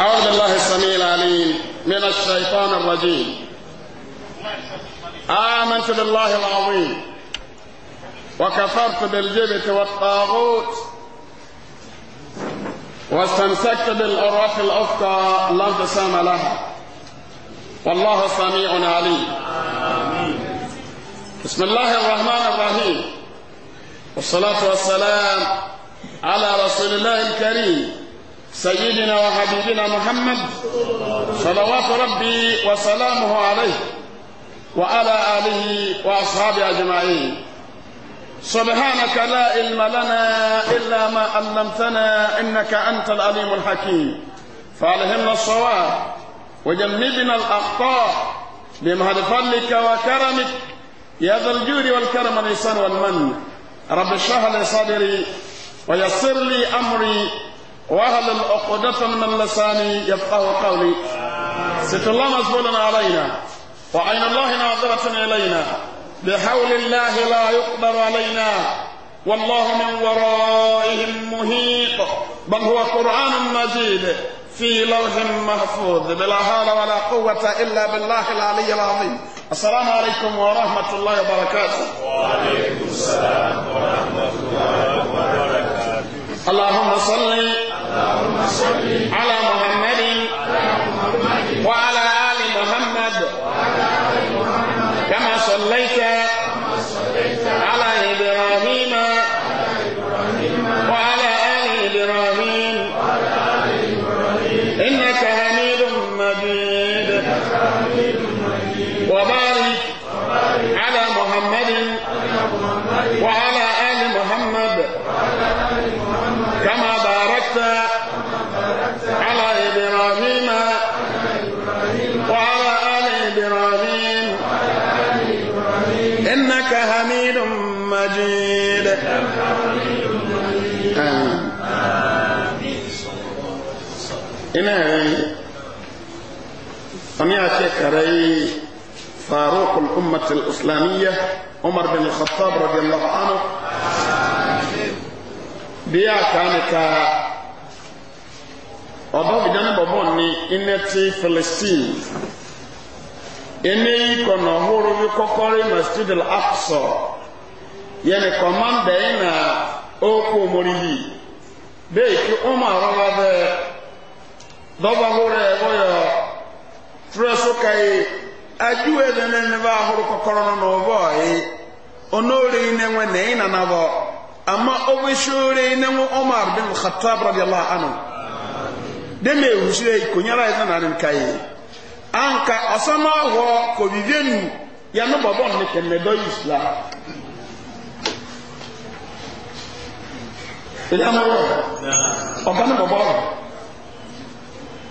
أعوذ بالله السميع العليم من الشيطان الرجيم آمنت بالله العظيم وكفرت بالجبت والطاغوت واستمسكت بالعروة الأفقى لا انقسام لها والله سميع عليم بسم الله الرحمن الرحيم والصلاة والسلام على رسول الله الكريم سيدنا وحبيبنا محمد صلوات ربي وسلامه عليه وعلى آله وأصحابه أجمعين سبحانك لا علم لنا إلا ما علمتنا إنك أنت العليم الحكيم فألهمنا الصواب وجنبنا الأخطاء بمهد فضلك وكرمك يا ذا الجود والكرم الانسان والمن رب اشرح لي صدري ويسر لي أمري وهل العقدة من اللسان يفقه قولي ست الله مسؤولا علينا وعين الله ناظرة إلينا بحول الله لا يقدر علينا والله من ورائهم مهيق بل هو قرآن مجيد في لوح محفوظ بلا حول ولا قوة إلا بالله العلي العظيم السلام عليكم ورحمة الله وبركاته وعليكم السلام ورحمة الله وبركاته اللهم صل على محمد ina yayin سمع شيخ رأي فاروق الأمة الإسلامية عمر بن الخطاب رضي الله عنه بيا كانت ọba bidani bọbọ ni ine ti philistine ine yi kọna ọhụrụ bi kọkọrị masjid al-aqsa yẹni kọmanda yi na okwu omori yi bẹẹ ki ụmụ arọba bẹẹ dɔba hore wɔyɔ turo so ka yi aduwe nene ne ba ahoro kɔkɔrɔ no na ɔbɔ yi onore ne nwe ne yi nana bɔ ama ɔbɛsore ne nwe ɔmar bin khatab radiyallahu anhu deme ehusire konyara yi nana ne yi anka nu bɔbɔ ne kɛmɛ dɔ yi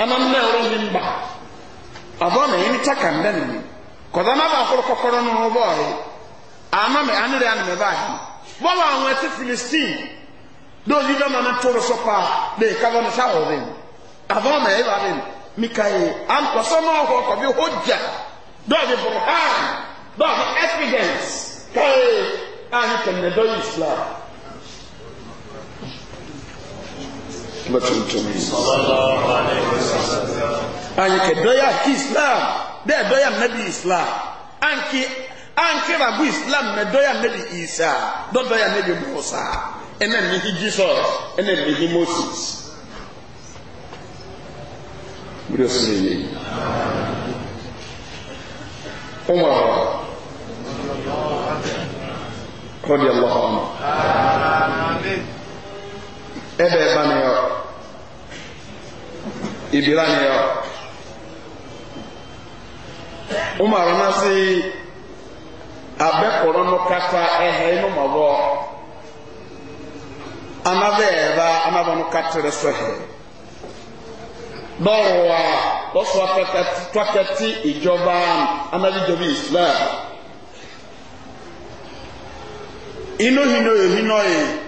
ɛnam na ɛwɔ ne mba ɔbɔ na yɛn ta kanda ne mu kɔdɔ na ba koro kɔkɔrɔ no ho bɔɔre ama mɛ ane de ane mɛ baa yi bɔbɔ àwọn ɛte filistin dɔw yi bɛ ma ne toro so paa de kaba ne sa wɔ bɛ mu ɔbɔ na yɛ ba bɛ mu mikaye ankɔsɔmɔ ɔhɔ kɔbi hɔ gya dɔw de bɔ ha dɔw de evidence kae a yi tɛmɛ dɔ yi islam. lọ́tùntùn anyike dɔya ki islam dɛ dɔya nabi islam anki anki rabu islam na dɔya nabi isa dɔ dɔya nabi musa ɛna mihi jesus ɛna mihi moses wúlò sí iye umar rọdí allah ọmọ. ebe ebe na yọ ibira ni yọ umaru na si abekoro no kata ehe inu mabọ anabe eba anabọ no katere so he dọrọwa twakati ijoba ìjọba anabijọba islam inú hinọ èhinọ yìí. E.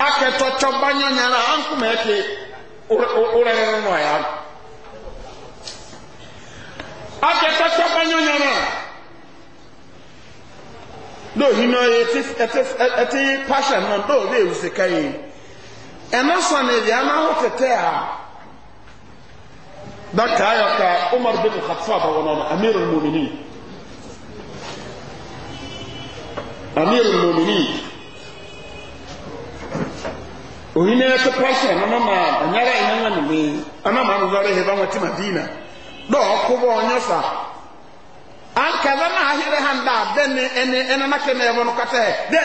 akɛtɔtsɔ banyanya la ankume eke wòlẹ́rẹ́ nù ọ̀yà. akɛtɔtsɔ banyanya la dóòhì náà yẹ ti ẹti ẹti pàṣẹ náà dóòhì èwù sika yìí ẹnà sọnù ìdí ẹnà ahọ tètè a dọkítà ayọkà umar bin khatfab wọn ọmọ amirul mumini amirul mumini. ohine ɛsɛ pɔsɛ na mama anyara yi nyanwa ne mee ama ma anozɔre heba wɔte madina dɛ ɔkobɔ ɔnyɛ sa ankɛdɛ na ahere ha ndị a ne ɛne ɛne na kɛ na ɛbɔ no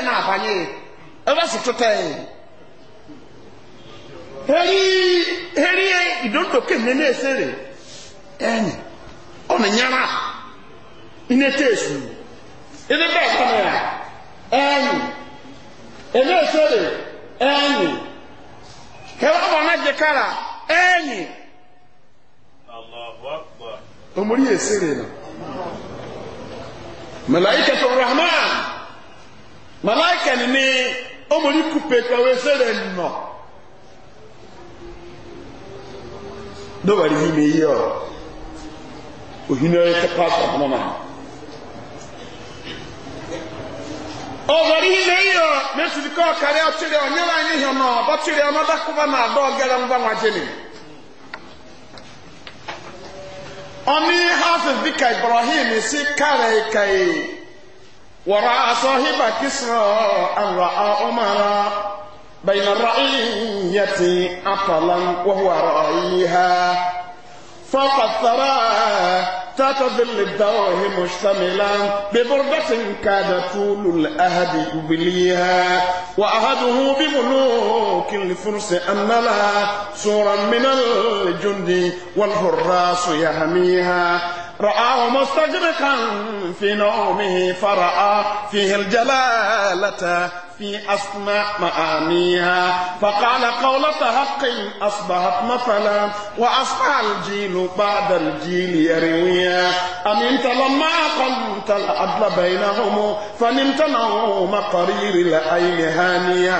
na abanye ebe so totɛ e. heri heri yɛ e, idondo ke ne ne esere enyi ɔne nyara ine te esu ine bɛ ya enyi ene esere enyi. hɛrɛ bɔ na jekara ɛɛnyi omori yɛ sere na malaika tó rahman malaika nini omori kupe kawe sere nɔ dɔwɛri yi mi yi ɔ ohinɛ tɛ paasɔ kɔnɔ na. ọ̀bọ̀rọ̀ ihe iyo mesiri ka ọkara ọchịrị onyere anyị ihe nọ ọbọchịrị ọnọdakụba na ada ọgara mgbanwa jini ọnụ hafiz ka ibrahim si kare kai wọrọ asọ hiba kisra anra ọmara بين الرعية عطلا وهو رأيها فوق الثرى تحت ظل الدوره مشتملا ببردة كاد طول الأهد يبليها وأهده بملوك الفرس أملا سورا من الجند والحراس يهميها رآه مستجرقا في نومه فرأى فيه الجلالة في أسماء معانيها فقال قولة حق أصبحت مثلا وأصبح الجيل بعد الجيل يرويها أمنت لما قلت العدل بينهم فنمت نوم قرير الأيل هانيا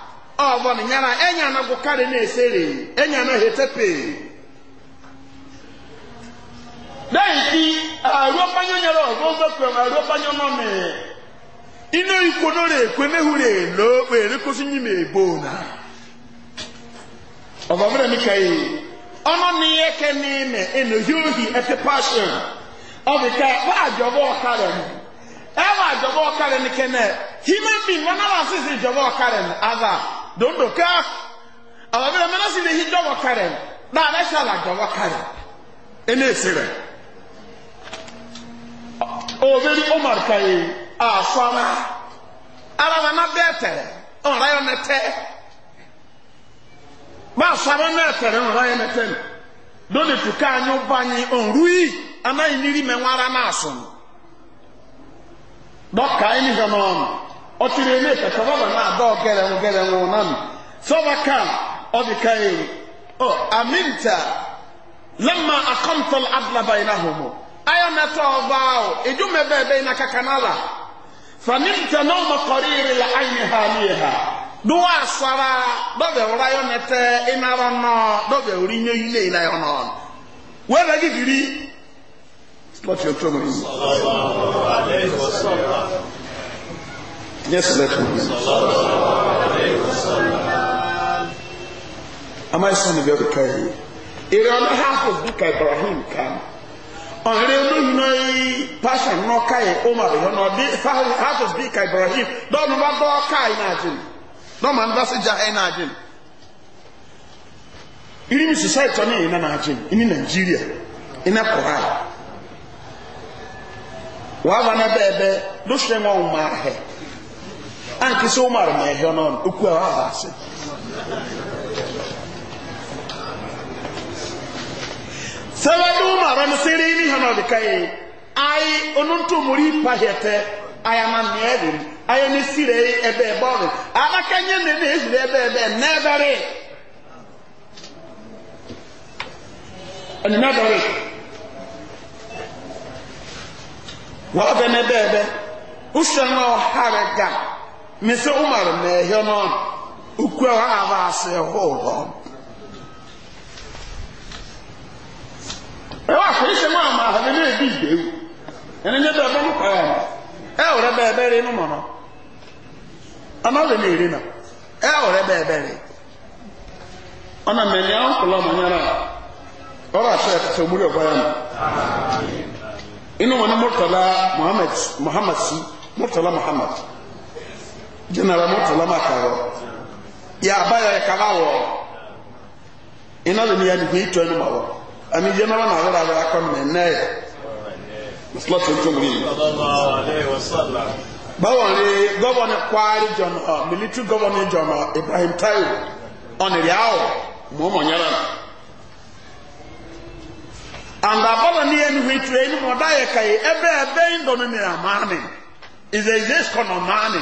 ọ̀bọ̀n nyara ẹ̀yà náà na náà èsèrè ẹ̀yà na hètèpè. lẹ́yìn tí àrùn ọ̀pányọ́ nyara ọ̀gbọ́n gbẹ̀kọ̀ àrùn ọ̀pányọ́ náà mẹ̀ inú ikú náà rè kú emehu rè ló pé erékósí yín mi èbó náà. ọ̀bọ̀n mi rẹ̀ mi kà human dondoka ababere mena si ne hidɔ na ale hyɛ alagbɔ wɔ kare ɛna esere obedi omar kaye afana alama na bɛɛ tɛrɛ ɔnra yɛ ne tɛ baafana na tɛrɛ ɔnra yɛ ne tɛ dole tuka anyo banyi ɔnrui anayi niri mɛ nwara ọtiri ilé ìfẹsọ bàbà náà dọ gẹrẹwọn gẹrẹwọn náà mi sọba kan ọdí káyé ọ e aminta lẹmọ akọmtọl adilaba yìí náà hùwù ayọ nẹtọ ọba o ìdúmẹ bẹẹ bẹẹ iná kankan náà la faminta náà mọ kọrí ìrì la ayin ha ni ha dùwọ asara dọbẹ wúrọ ayọ nẹtẹ ìnáwó náà dọbẹ wúrọ iye ilé ìlà yọ náà wẹẹrẹ gidi rí. Slot your trouble in. يصلح أما يسمى بيوت كاي إلى أن حافظ بك إبراهيم كان ọ̀rẹ́ olóyìnbó pàṣẹ náà káyé ọmọ rẹ̀ ọ̀nà ọ̀dẹ́ hafiz bíi ka ibrahim dọ́ọ̀nù bá dọ́ọ̀ káyé náà jìn dọ́ọ̀mù àdúrà sí jà ẹ̀ náà jìn irimi society ọ̀nà yìí náà jìn ní nàìjíríà iná kọ̀ọ̀rọ̀ àyè wàá bá náà bẹ́ẹ̀ bẹ́ẹ̀ lóṣù ẹ̀ wọ́n mú àhẹ́ anke sɛ omar mɛhwɛ no no ɔku a wabaase sɛ wɔde omar no sɛ rei ne hɛ no ɔde ka ye ae ɔno nto mmɔre pa hɛtɛ ayamammeɛ de mu ayɛ ne sirei ɛbɛɛ bɔre abaka nyɛ ne ne ɛhuri ɛbɛɛbɛɛ nɛɛdɔre ɛne nɛdɔre Mr. Umar mehie n'ọnụ ukwu a aba asị hụrụ ɛwɔ akɔyɛsɛ mu ama ahome na ebi gbewu ɛne nye bɛ ɛbɛn kɔɛ no ɛwɔrɛ bɛ ɛbɛre no mɔ no ama wɛ na eri na ɛwɔrɛ bɛ ɛbɛre ɔna mɛnyɛ ɔnkɔlɔ ɔma nyara ɔba ahyɛ ɛkɛtɛ omuri ɔbɔya no inu wɔn ni murtala muhammad muhammad si murtala muhammad. general motula makawo ya abayo ekabawo ina le niya ni to enu mawo ami general na wala wala kon me ne slot to muri bawo ni governor kwari john uh, military governor john uh, ibrahim taiwo on ri awo mo mo nyara and abala ni enu hitu enu mo da ye kai ebe ebe ndo ni amani is a yes kono mani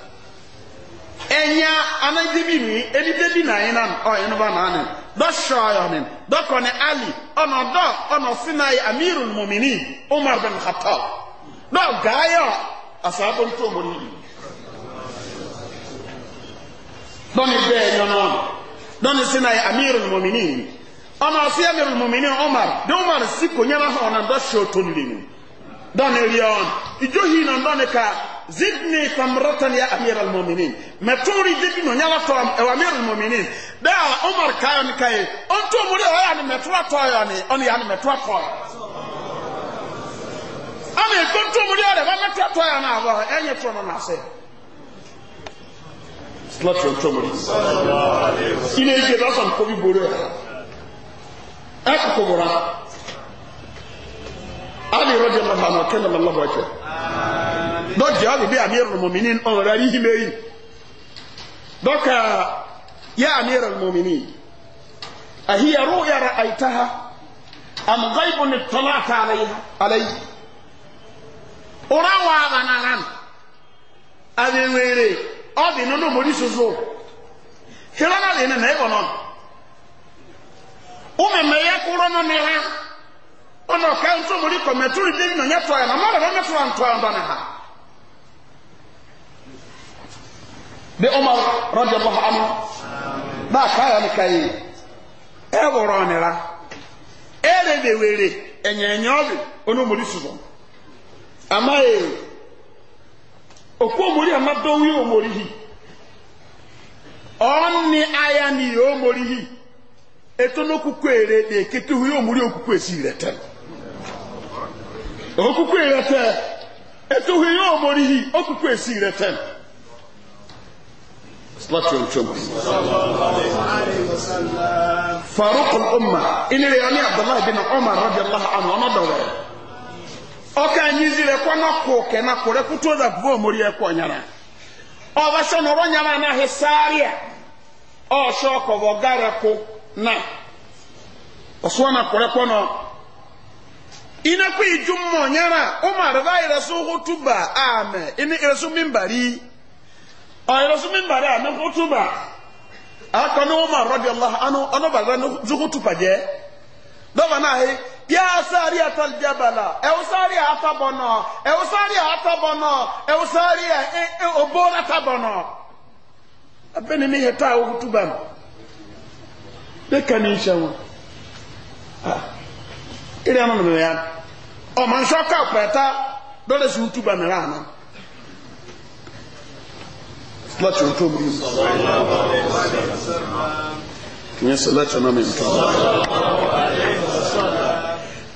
ɛnya anagye bi mi enide bi na ayina no ɔyɛ no ba na anen dɔsɔ ayɔ nen dɔkɔ ne ali ɔnɔ dɔ ɔnɔ sinayi amiru mumini umar bin khatab dɔ gaayɔ asaabo nto mo ni dɔni bɛɛ nyɔnɔ dɔni sinayi amiru mumini ɔnɔ si amiru mumini umar de umar si ko nyɛra hɔn na dɔsɔ to nili mu dɔni riɔn ijohi na dɔni ka zidni samratan ya amir almu'minin maturi dibino nyala to wa e amir almu'minin da umar kayon kai on to muri o ya ni metura to ya ni on ya ni metura ko ami ko to muri o da ba metura to ya na ba enye to no na se on to muri sallallahu alaihi wasallam ine ke da san ko bi bore ak ko bora ali rọ́dí ọlọ́mọ àná kẹ́lẹ́ lọ́lọ́bọ̀ ọ̀kẹ́ dọ́jì ọ́ bíbí àmì ìrọ̀lọ́ mọ̀mìnì ọ̀rọ̀ yìí méyì dọ́kà yẹ àmì ìrọ̀lọ́ mọ̀mìnì àhíyàrú yàrá àìtáha àmùgáìbù ni tọ́lá àtà àlẹ́yìí ọ̀rọ̀ àwọn àbànàrán àbẹ̀wẹ̀rẹ̀ ọ̀bì nínú mọ̀rí soso hìrọ́nà lè nà ẹ̀wọ̀n náà ó mẹ̀mẹ̀ yẹ kúrọ́ náà ọ̀nà ọ̀ka ntọ́ mọ̀rí kọ̀mẹ̀túrì dé nìyẹn tọ́ ẹ̀ màmá rẹ̀ ní fúra ntọ́ ọ̀dọ́ ni ha. bí ọmọ rọ́jò bọ́ bá a ká yà ka yìí ẹ wọ̀rọ̀ ọ̀nìra ẹ lè wèrè ẹ̀yẹ̀ ẹ̀yẹ̀ ọ̀bì onímọ̀rí sùgbọ́n àmà òkú àmà ni ètò èrè okuku irete etuhu ihe omorihi okuku esi irete faruk al'umma inire ya ni abdullahi bin umar radiyallahu anhu ọmọ dọwẹ ọka anyị zire kwa na kụke na kụre kwuto da gbuo omori ekwe ọnyara ọbasa na ọrọ nyara anaghị saria ọsọ kọbọ gara kwụ na ọsọ na kụre kwa na ina ku ijummo umar ba ira hutuba ame ini ira mimbari o ira mimbari ame hutuba aka umar radiyallahu anhu ono hutuba je do ya sari atal jabala e usari atabono e usari atabono e usari e ni hutuba ah ire ano no me ya o man so ka peta do le su tu ba me rana lati o to mu ni sallallahu alaihi wasallam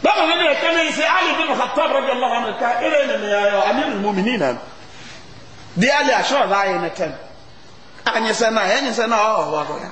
baba nabi kana ise ali bin khattab radiyallahu anhu ka ire ne me ya yo amirul mu'minin di ali ashra rai na ten anyesa na anyesa na o wa ko ya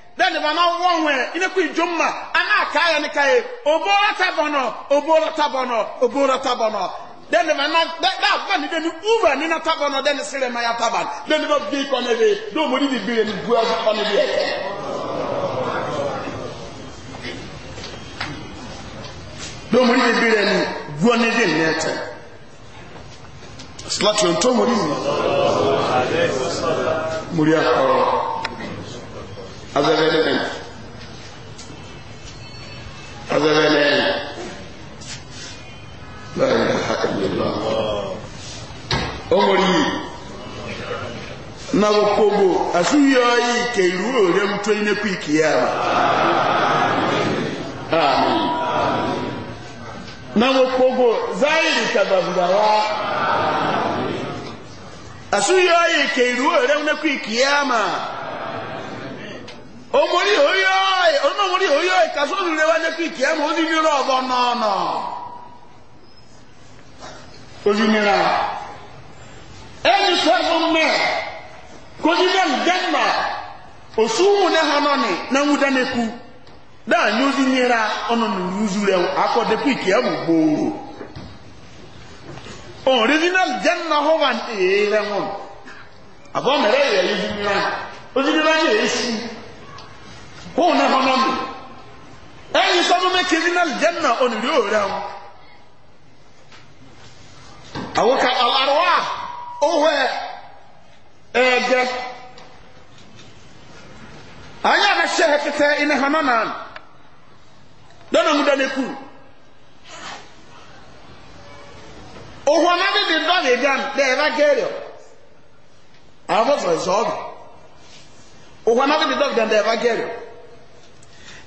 dẹ́ni bá náà wọ́n kaya inekú ìjọmọ́ aná aka ní káyé òbóra tábọ̀nà òbóra tábọ̀nà òbóra tábọ̀nà dẹ́ni bá náà dẹ́ni bá ní dẹ́ni uva nínú tábọ̀nà dẹ́ni sílẹ̀ máa azɛbɛnɛn azɛbɛnɛn lɔɔri la hakili lɔ ɔmɔri nabɔ kogo asu yɔɔyi keiru ore mutɔ yi ne kui kiyama amin nabɔ kogo zayiri kababubawa asu yɔɔyi keiru ore mutɔ yi kiyama. omori oyoi ono omori oyo kaso olure wa nyekwa ike ya ma ozi nyere ọzọ n'ọnọ ozi nyere ẹni sọfọ kozi na ndenma osu ụmụ na ha ni na nwuda na-ekwu na-anyị ozi ọnụ n'uruzu rẹ akọ dekwa ike ya ma gboo original jenna hovan ee eh, rẹ nwụrụ mere ya ozi wọn nà hàn nù ẹyin sọ fún mi kiri náà jẹnna onírè òwúrẹ wọn. àwọn ka alarowa ege. anyị a na-ehyɛ ha tete ịna ha na dọnọ mụ na bi bi ebi anụ dị ebe agere ahụhụ fọrọ ịzọ ọrụ na ebi anụ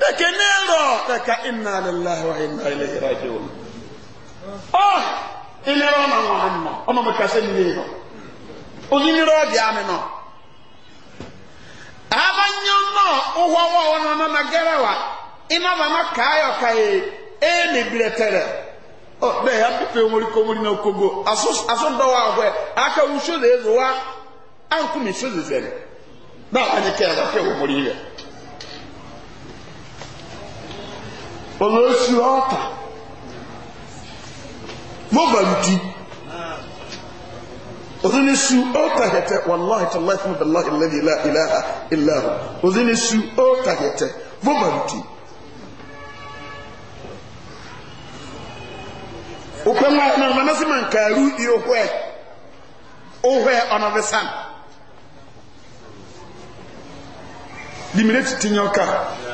dẹ̀kẹ́ ní ẹ̀rọ dẹ̀kẹ́ wa aláwọ̀ iná ilé ìrọ̀jì òun ọ ilé ẹ̀rọ ọmọ wọn nọ ọmọ mi kà sí ní ilé nọ òní ní ẹ̀rọ ọdí àmì nọ. abanyọ náà ụgwọ ọwọ nọ na gẹrẹwa iná mama kaayọ kaayọ e aka na anyị olóòsù ọ̀tà mọ́bàlùtì ozinisu ọ̀tà hẹtẹ wàláhì tàláhì fún bàláhì lẹ́dí ìlàhà ìlàhà ozinisu ọ̀tà hẹtẹ mọ́bàlùtì. òpè mọ ọ̀nà ọ̀nà sí mà nkàrú ìhòhò ẹ̀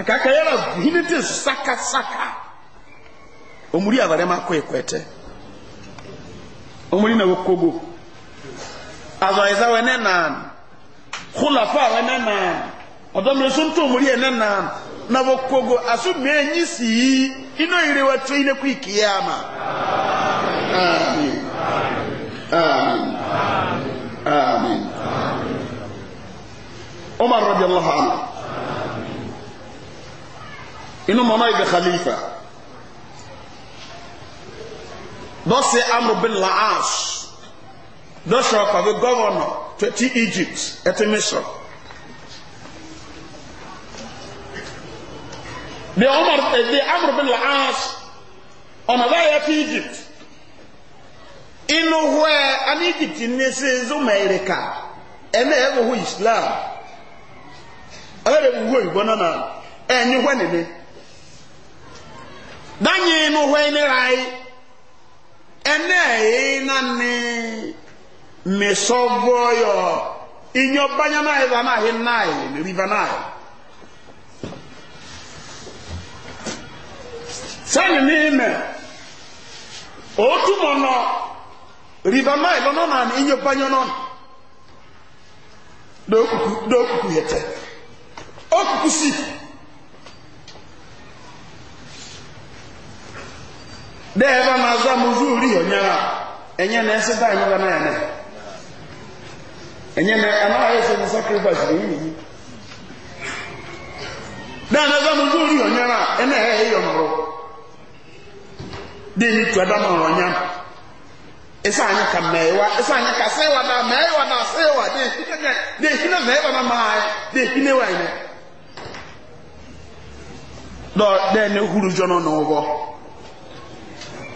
akaka yɛrɛ hini te sakasaka omuli abarema kɔ ekwɛtɛ omuli nawo kogo azɔyɛza wɛ ne nan kulafa wɛ ne nan ɔdɔmiriso nto omuli yɛ ne nan nawo kogo aso mɛ nyi sii ino yiri wa tiri ne kui kiyama amen amen anhu. inú mọ́nà ibẹ̀ khalifa dọ́sẹ̀ amr bin la'ash dọ́sẹ̀ ọkọ̀wé gọ́vọ̀nà ti egypt ẹ̀tí misr bí umar ẹ̀dí eh, amr bin la'ash ọ̀nà báyẹ̀ fi egypt inú hwẹ́ an egypt ní sí zuma erika ẹ̀mẹ́ ẹ̀wọ̀ hù islam ọ̀rẹ́ ìwọ̀ ìgbọ́nà náà ẹ̀yìn hwẹ́ nìyẹn danye nu hwɛ e ne rai ɛnɛ yi nani mesɔvɔyɔ inyɔ banyama yi vana yi nai neri vana yi sani ni mɛ o tumɔ nɔ ribama yi lɔnɔ nani inyɔ banyɔnɔ do kuku si. dẹ́ẹ̀bá máa zá mo zú orí na ẹsẹ̀ dá ìmúra náà yẹn na anáwó ayé sọ sacrifice lè yìí dáná zá mo zú orí ọ̀nyára ẹ̀nà ẹ̀yẹ́ ẹ̀yẹ́ ọ̀nọ̀rọ̀ dẹ́ẹ̀ ní tuwádá máa ka mẹ́ẹ̀wá sẹ́wà náà mẹ́ẹ̀wá náà sẹ́wà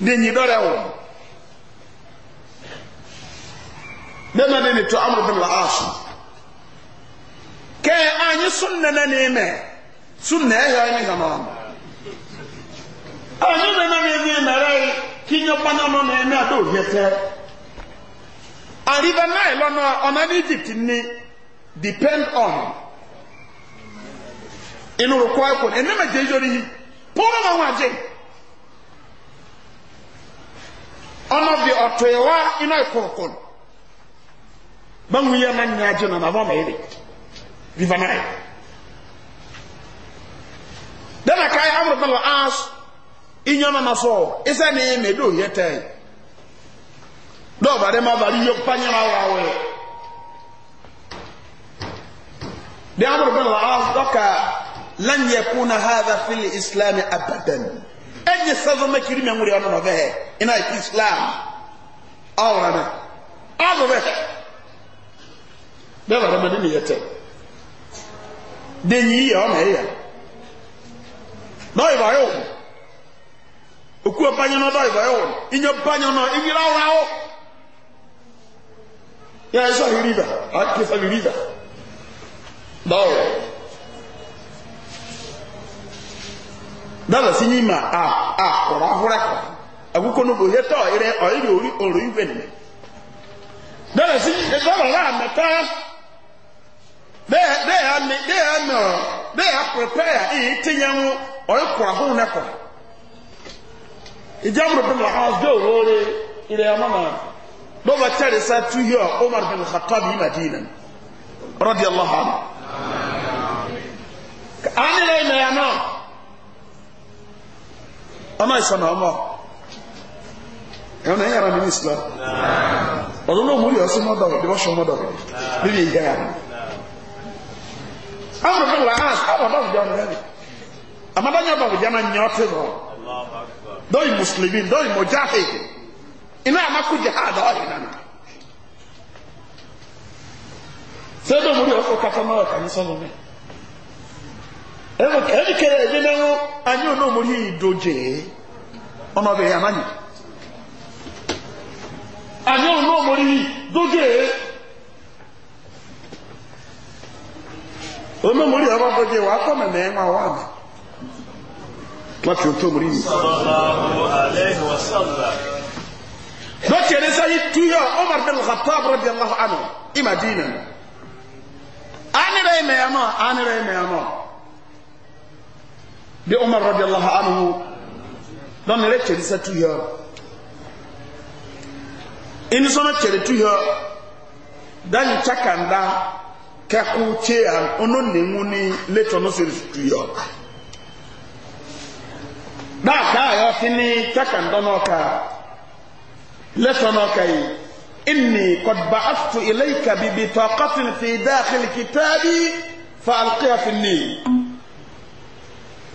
denyi dɔrɛ wo bɛma de ne to amro bin la'asu kɛ anyi sunna na ne mɛ sunna ɛhɛ ne na na ne ne mɛrɛ kinyɛ bana no ne mɛ do tɛ na ɔna e ne egypt ni depend on inu yi e e ma ɔno bi ɔtoewa ina ekorokoro bangu yɛ na nyɛ agye na na bɔ mɛyɛ de vivanai dɛna kae amuro bɛlɛ aas inyɔ na na so isɛ ne yɛ mɛ do yɛ tɛɛ dɔw ba de ma ba de yɛ panyɛ na wa wɛ de amuro bɛlɛ aas dɔka lan yɛ kuna hada fili islam abadan ɛnyɛ sɛfo mɛkiri mɛ nwere ɔno na ɔbɛhɛ ɛna islam ɔwura no ɔno bɛhɛ bɛɛ bɛrɛ ma ne ne yɛ tɛ denyi yɛ ɔna ɛyɛ dɔyɛ ba yɛ wɔ okuo banyɛ no dɔyɛ ba yɛ wɔ inyɛ banyɛ no inyira awura wɔ yɛ ɛsɛ ɔyɛ riva akesa ɔyɛ riva dɔyɛ. dala si nyima a a kɔrɔ ahorɛ kɔ akoko no ohe tɔ erɛ ɔyere ori ɔro iwe nne dala si dala e la amɛta de de ame de ame ɔ de aprepare eye tenya ŋu ɔye kɔrɔ ahorɛ ne kɔ ìjàmbá bin lahaz dé òwòrè ilẹ̀ amánà lọ́wọ́ tẹ̀lé sá tuyọ̀ omar bin khattab yìí madina rọ́dí allah hàn. ani lẹ́yìn mẹ́yà náà ama isa na ọmọ ẹ̀wọ̀n ẹ̀yàrá mi ní islam ọ̀dọ́ náà múlẹ̀ ọ̀sán mọ́dọ̀ ọ̀dọ́ ọ̀sán mọ́dọ̀ bíbí ìgbà yà àwọn ọ̀dọ́ wà áàs àwọn ọ̀dọ́ ọ̀dọ́ ọ̀dọ́ rẹ̀ àmàdáyà ọ̀dọ́ ọ̀dọ́ náà nyẹ́ ọtí lọ dọ́yì mùsùlùmí dọ́yì mọ̀jáfì iná àmàkù jihad ọ̀yì nànà sẹ́dọ̀ múlẹ̀ ọ̀sán kàtà náà ọ̀tà ní sọ́dọ̀ náà ya ẹ̀yẹ lẹ́wọ́ ayé olóòmórí ìdóje ọmọ bẹ̀rẹ̀ àmáyì ayé olóòmórí ìdóje olóòmórí ọmọ bẹ̀rẹ̀ wà kọ́ mẹ̀mẹ̀ ẹ̀mà wà mẹ́ láti òtó mórí ya lọ́kẹ̀ ní sáyé túyọ̀ ọmọ bẹ̀rẹ̀ lọ́kàtọ́ àbúrò bí ọlọ́hàn ìmàdínà ánìrẹ̀ ẹ̀mẹ̀ ẹ̀mọ̀ ánìrẹ̀ ẹ̀mẹ̀ ẹ̀mọ̀ de umar radiyallahu anhu don re cheri sa tu yo in so na cheri tu yo dan chakanda ka ku che an ono ne mu ni leto no siri tu yo da ka yo fini chakanda no ka leto no kai إني قد بعثت إليك ببطاقة في داخل كتابي فألقيها في النيل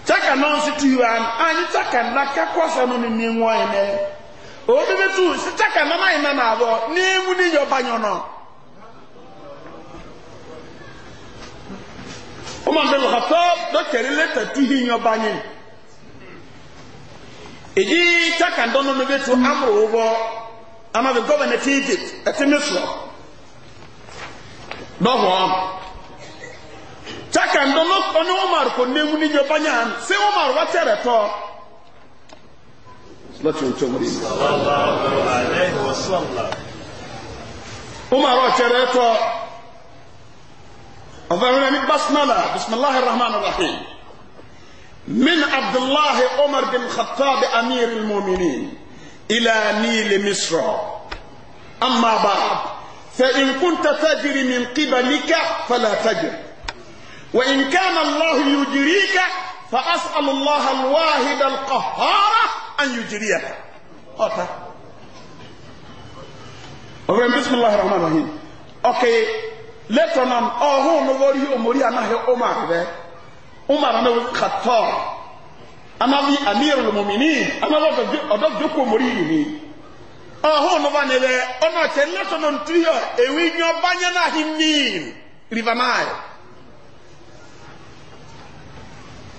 chaka nọ nsitu ya anyị taka ndaka kwasa nọ n'ime nwa ene obi metu si taka nọ na ime na abụọ n'ewu n'iyi ọbanyọ nọ ụmụ mgbe lọkọtọ dọkịta leta tuhi ihe ọbanyị èyí chaka ndọ nọ n'ebe tu amụrụ ụgwọ amaghị gọvanọ eti egypt eti mesọ dọhụọ taka ndono ono omar ko nemu ni nyobanya han se omar wa tere to lati unto muri sallallahu alaihi wasallam omar wa tere to Allahumma ni basmala bismillahir rahmanir rahim من عبد الله عمر بن الخطاب امير المؤمنين الى نيل مصر اما بعد فان كنت تجري من قبلك فلا تجري وإن كان الله يجريك فأسأل الله الواحد القهار أن يجريك أتا أوكي بسم الله الرحمن الرحيم أوكي لتنام أهو نوري أموري أنا هي أمار أمار أنا خطار أنا في أمير المؤمنين أنا أدف جوكو مريني أهو نواني أنا تلتنام تيو أوي نيو بانينا هنين ريفاناي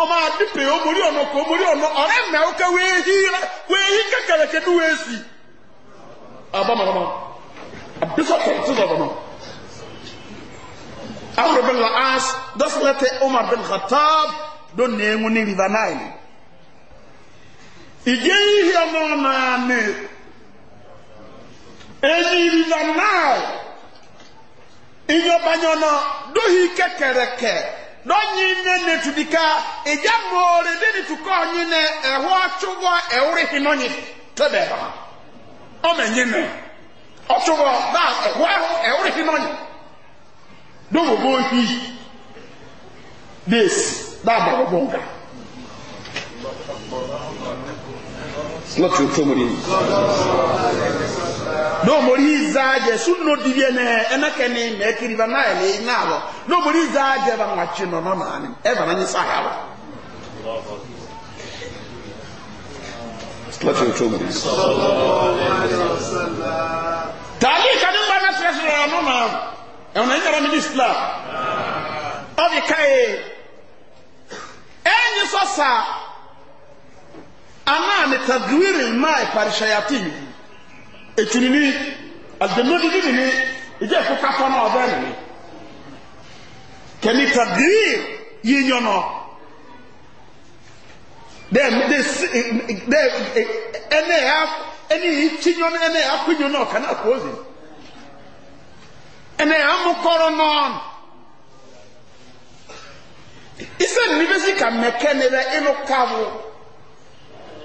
ọma adípè omori ọ̀nà kò omori ọ̀nà ọ̀rẹ́ mẹ́ wee wéé yí kẹkẹrẹkẹ ní wéé sí. abamama abisọ̀tẹ̀ tí sọ̀rọ̀ nù. amr bin laas dọ́sílẹ̀tẹ̀ umar bin khatab ló ní ewu ní river nile. Ije ihe ọmọ náà ni èyí river nile ke. dɔnyine nne tudika edya mboore de na tukɔnyine ɛho atsogɔ ɛwurihi nɔnyi tɛbɛ ha ɔmɛnyine ɔtsogɔ ba hi nga no mori zaje sunno divye ne enake ni mekiri ba nae ni inalo no mori zaje ba mwachi no no mani eva nanyi sahawa Slatu utumu Tali kadimba na sresu ya mama Ewana inga rami disla Ovi kae Enyi sosa Anani tadwiri maa iparishayatini ètùnú ní àjẹmọ́ dídí nìní ìjẹ́ ẹ̀kọ́ kápọ́ náà ọ̀bẹ́ nìní kẹ́mi tàbí yíyan náà ẹnẹ ẹ ẹni yìí tìyọ náà ẹnẹ ẹ akóyọ náà kàná àkóòzì ẹnẹ ẹ amúkọrọ náà isẹ́ nínú kà mẹ́kẹ́ ni bẹ́ inú káwọ́.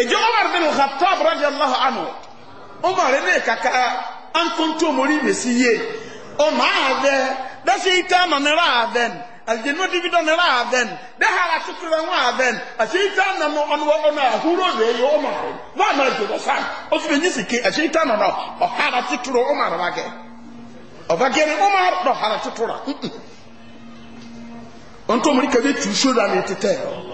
ejo omar bin khattab radiyallahu anhu omar ne kaka an kuntu mori be siye o ma ave da se ita ma ne ra aven alje no divido ne ra aven da hala shukra wa aven a se ita na mo on wa ona huro be yo omar wa ma je da san o se ni sike a se ita na na o hala titro omar wa ge o ba ge ni omar do hala titro on to mori ka be tu shoda ne tete Allah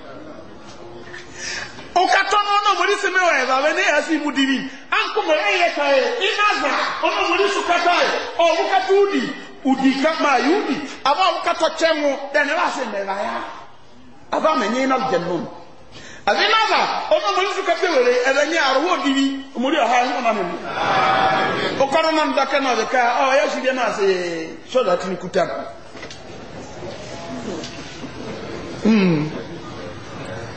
ukatɔnɔ na mori sɛmɛ wa ɛfɛ awɛ ne yasi mu diri ankumɛ ɛyɛ ka yɛ inaza ɔna mori su kata yɛ ɔwu kata udi udi kama yi udi aba awu kata kyɛnwo dɛ ne ba se mɛla ya aba mɛ nye na jɛnum ɛfɛ inaza ɔna mori su kata wɛrɛ ɛfɛ nye aruwo diri mori ɔha yɛ ɔna ne mu ɔkɔrɔ na ndaka na ɔbɛ ka ɔ yɛ si de na se sɔda tini kuta. Hmm.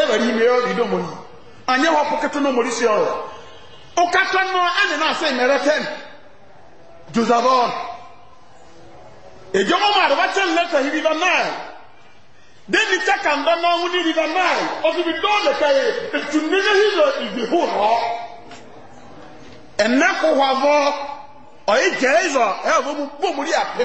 ɛbɛri mi yɛ ɔdi dɔmɔ yi anyɛ wɔ pɔkɛtɛ no mori si ɔrɔ ɔkatɔ no ɛna na asɛ mɛrɛ tɛm josabɔn ejɔmɔ mu adaba kyɛn lɛtɛ yi riba nile deni tɛ kan dɔ na ɔmo ni riba nile ɔfi etu nene yi ibi hu hɔ ɛnɛ ko hɔ avɔ ɔye jɛ ɛzɔ ɛyɛ ɔmo mu bɔ mu di apɛ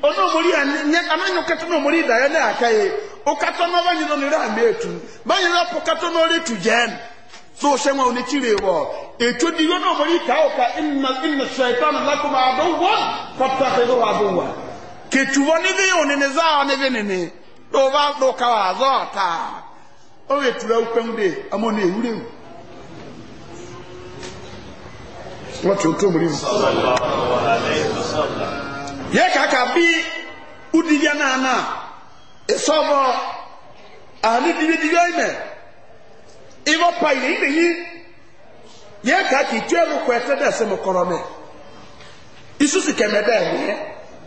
ono omori nye kato no omori da yene akaye okato no banyi no nira ambe etu banyere no pokato no jen so shenwa one etu di onye omori ka oka inna inna shaitan lakum aduwwan fattakhidhu aduwwa ketuwa ni vi one ne za one vi ne ne do ba do ka wa zo omori yɛ kaka bi udibia nana esɔbɔ ahani dibidibia e yi mɛ ibɔ pa yi ne yi yɛ kaka itue mu kɔ ɛtɛ dɛ sɛmɛ kɔrɔ mɛ isusi kɛmɛ dɛ ɛyɛ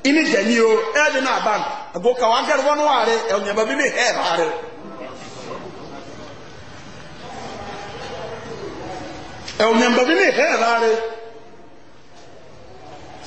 ini jɛni o ɛyɛ e na ban ago ka wa gɛri waare ɛnyɛba e bi mi hɛ baare. ɛnyɛba bi mi hɛ baare.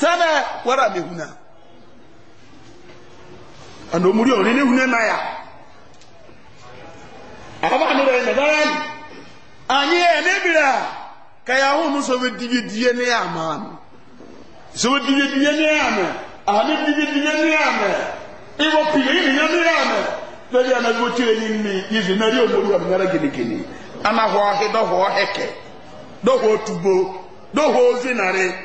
sɛbɛ kwara mi huna ɛnna omuri ne huna na ya akaba mi rɛ ɛnna ni anyi yɛ e ne bira kaya e ho no sɔbɛ dibie die ne yɛ ama no sɔbɛ dibie die ne yɛ ama ahame dibie die ne yɛ ama iwɔ pili ne yɛ genegene ana hɔ ahe dɔ hɔ hɛkɛ dɔ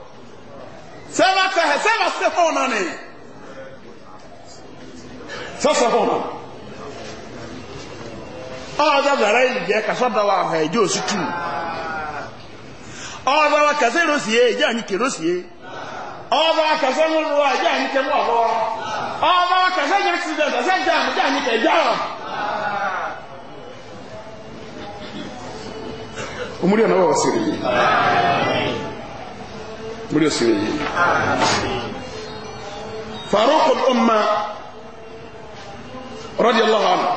sɛba tɛ hɛ sɛba se hɔn na ne sɛsɛ hɔn na ɔɔdɛ bɛrɛ yi jɛ kasɔ da wa hɛ jɛ osi tu ɔɔdɛ wa kasɛ rosie jɛ anyi ke rosie ɔɔdɛ wa kasɛ ŋolo wa jɛ anyi ke mɔbɔ ɔɔdɛ wa kasɛ jɛ accident kasɛ jɛ anyi jɛ anyi ke jɛ omuli muri osiri yi farukul umma radiyallahu anhu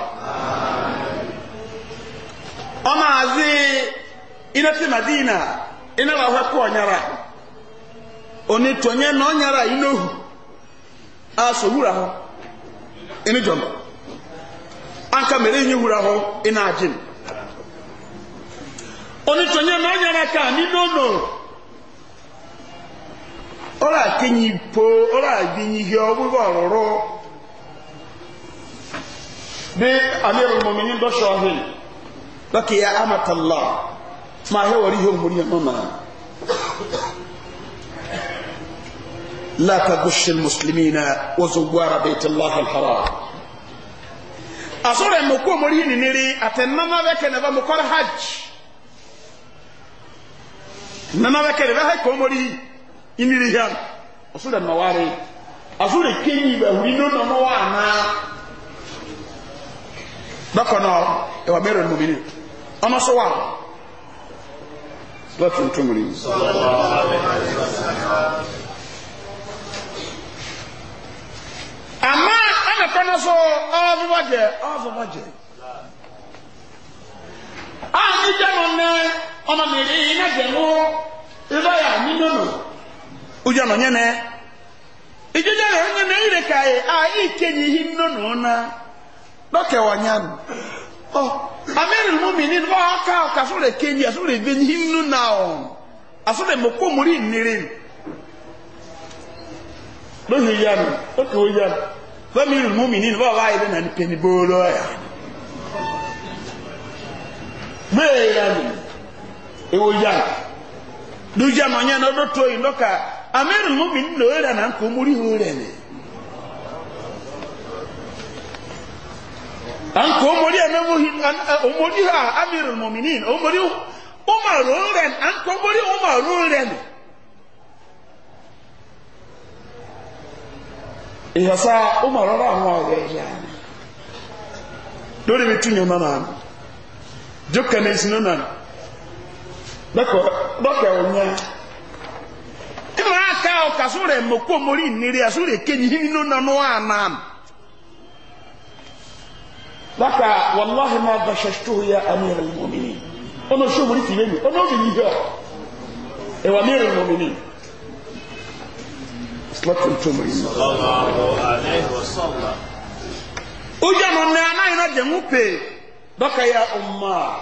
ọmọ azi ina ti madina ina wa hwekọ ọnyara oni tonye na ọnyara inohu aso hura hɔ ini jɔn anka mere inyi hura hɔ ina ajin oni tonye na ọnyara ka ni nono ọrọ akenye ipo ọrọ adinye ihe ọgbụgbọ ọrụrụ dị amirul mominin dọsha ọhịa dọka ya amatala ma ahịa were ihe omori ya nọ na لا تغش المسلمين وزوار بيت الله الحرام أصور مكو مريين نري أتنما بك نبا مكور حج نما بك نبا هاي كو مريين imiri hɛn ɔso dɛ nnɔware aso de kenyi bahuri no na ɔmɔ anaa dɔkɔ no ɛwɔ mɛrɛ no wa lɔ tuntum ni ama ɛna kɔ no so ɔbɔbɔ jɛ ɔbɔbɔ a ni jɛ no nɛ ɔmɔ mi ri no ụjọ nọ nye na ijeje na onye na ire e ka anyị a ikenye ihe nno na ụna dọkewanya nụ ọ amịrị mụ mini nụ ọka ọka asụrụ ekenye asụrụ ebenye ihe nnu na ọ asụrụ emekwa omuri nniri lóhi ya nù ókè ó ya nù lọ́mìnì mú mi nínú bọ́ọ̀ báyìí lẹ́nà nípe ní bóòlù ọ̀yà ya nù ewu ya nù lójú àmọ́ yẹn náà ló tó yìí amẹ́rù múmi nílò rẹ̀ na kò mórí hù rẹ̀ ni à ń kò mórí ẹ̀ náà mórí hà amẹ́rù múmi ní ò mórí umaru rẹ̀ à ń kò mórí umaru rẹ̀ ni. ìyàsá umaru rẹ̀ àwọn ọ̀rẹ́ yà ni lórí mi túnyẹ̀ náà náà jókè ịma aka ọka sụrụ emekwa omori niri ya sụrụ ekenyi inu na nụwa anam baka wallahi ma bashashtuhu ya amir al-mu'minin ono shi omori tire mi ono bi ihe e wa amir al-mu'minin sallallahu alaihi wasallam uja no na anaghị na jemu pe baka ya umma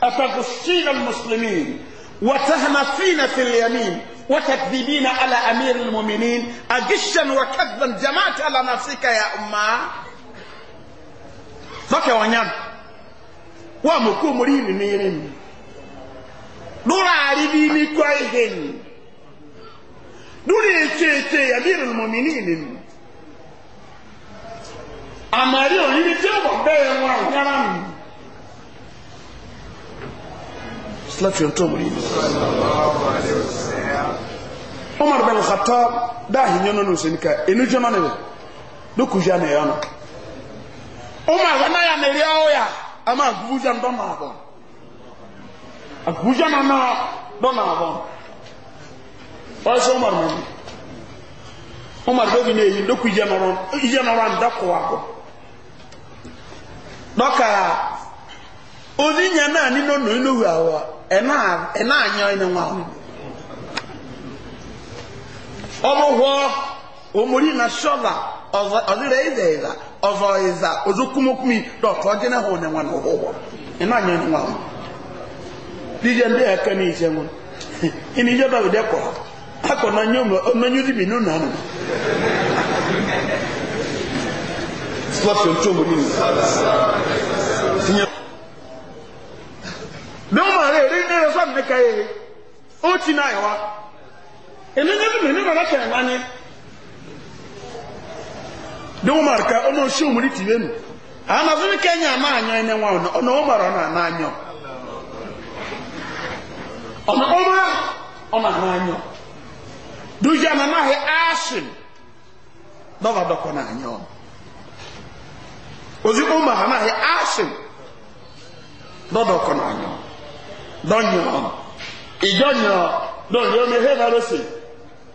atakushina al-muslimin وتهنفين في اليمين وتكذبين على أمير المؤمنين أجشا وكذبا جمعت على نفسك يا أمة فكا ونيان ومكو مرين نيرين دورا عربيني كويهن دوري كيكي أمير المؤمنين أماري ونيني تيوبا بيه وانيان سلاتي انتو مرين صلى الله عليه وسلم umar bin khattab da hinyo no nusin ka inu jono ne do kuja ne yo no umar na ya ne ri o ya ama kuja ndo ma na na do ma bo o so umar mo umar do bi ne yi do ije no ran da ko wa ko na ni no no wa wa e na e na ni ọmụhụọ omori na shọva ọzọ ịza ịza ọzọ ịza ozokumokumi dọtụ ọjị na ha onyenwe na ụgwọ ịna anya nwa m dije ndị a ka nwa ije akọ na onye dị bi n'ụlọ ahụ omori na dị mma rere ndị resọ mmekọ ya na èmi ní mímì ní bàbá tẹ̀lé wani ní wọ́n mara ká ọmọ oṣù òmùrí tìlé nù àwọn afẹ́mi kẹ́nyà àmà àyàn ẹni wọn ọ̀nà ọ̀nà wọ́n mara ọ̀nà àná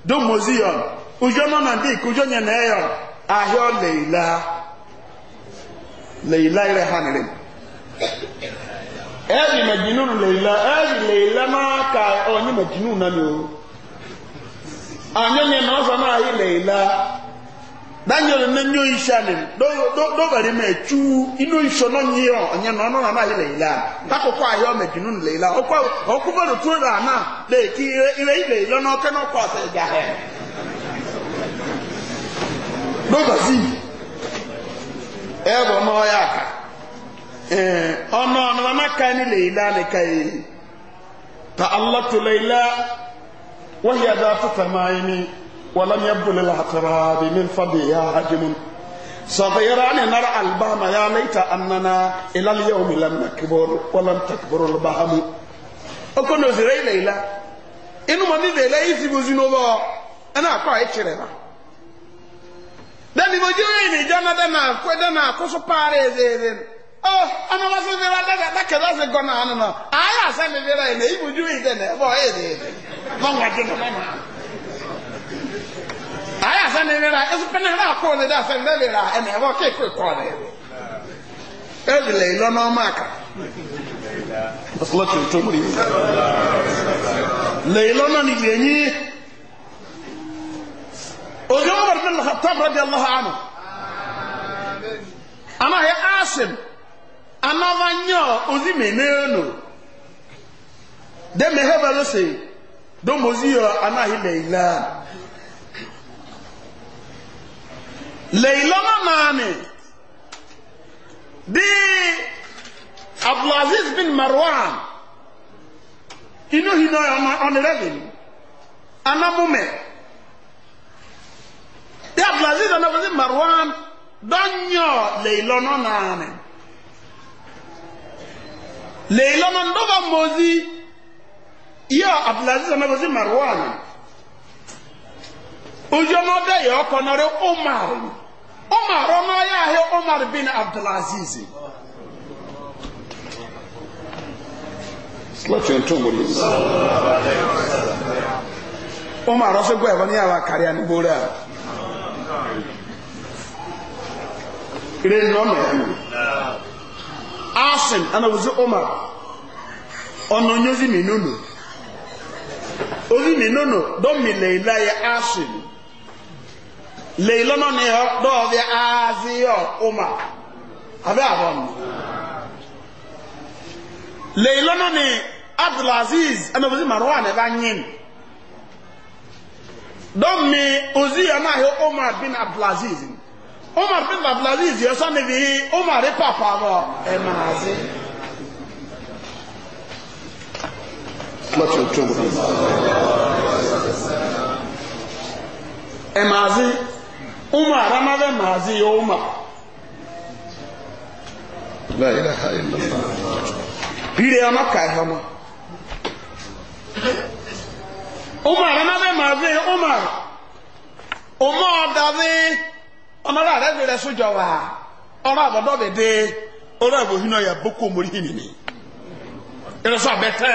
do museum ujo no na dik ujo nye na eyo ahio leila leila ile hanire ebi majinun leila ebi leila ma ka onye majinun na mi o anyenye na ọzọ na ahio leila danyere ne nyo isha ne do do bare me chu ino isho no nyi o onye no no na ile ile ta ko kwa yo me dinu ile ile o kwa o ku baro tu ra na de ti ile ile ile no ke no kwa e bo ولم يبدل الاعتراض من فضل يا هاجم صغيران نرى البهم يا ليت أننا إلى اليوم لم نكبر ولم تكبر البهم أكون نزري ليلى إنه من ليلى يسيب زنوبا أنا أقرأ إتشرنا dani mo jire ni jana dana kwe dana koso pare zezin oh ana wasu vera daga dake zasu gona anana aya sa mi vera ina ibu jire dana bo e zezin mangwa jina mangwa ayé asẹ́nìrẹ́ra ẹ̀sùpẹ́nìrẹ́ra kọ́ ọ̀nà dá asẹ́nìrẹ́ra ẹ̀nà ẹ̀wọ́ kéèkó kọ́ ọ̀nà ẹ̀rọ ẹ̀rìlẹ̀ ìlọ́nà ọmọ àkà ọ̀sọ̀lọ́tì tó múlẹ̀ lè ìlọ́nà nìgbè yí òjò ọmọdé bin lọ́tọ́bù rẹ̀ lọ́hà ánù anáhẹ́ asim anáfanyọ́ ozi mẹ́nẹ́ẹ̀nù dẹ́mẹ̀hẹ́bẹ̀ lọ́sẹ̀ dọ́mọ̀ ozi yọ anáhẹ́ mẹ́ìlá leilama maame di abdulaziz bin marwan inu hino ọnirẹbin anamume di abdulaziz anamume marwan dọnyọ leilama maame leilama ndọba mozi yọ abdulaziz anamume marwan ojú ọmọdé yọ ọkọ náà rẹ ó máa rẹ. Umar ọnụ ya ahịa Umar bin Abdulaziz. Umar ọsọ gwa ẹ̀wọ̀n ní àwọn akarịa n'ugboro a. Asin anabuzi Umar ọnụ ozi minunu. Ozi minunu dọmile ilaye Asin. leilo no ne ho do vya azio uma abe abon leilo no ne abdul aziz ana bozi marwa ne banyin don me ozi ana he umar bin abdul aziz umar bin abdul aziz yo so ne bi umar e papa bo e mazi Macho chungu. Emazi umar amabɛ maazi yɛ umar pire ɔmɔ kae hɔ no umar amabɛ maazi yɛ umar ɔmɔ ɔdade ɔmɔdé arɛbi rɛ sojɔ wa ɔmɔ abɔdɔ bebe ɔmɔ abohin na yɛ boko mori hinini ɛrɛsɔ abɛtɛ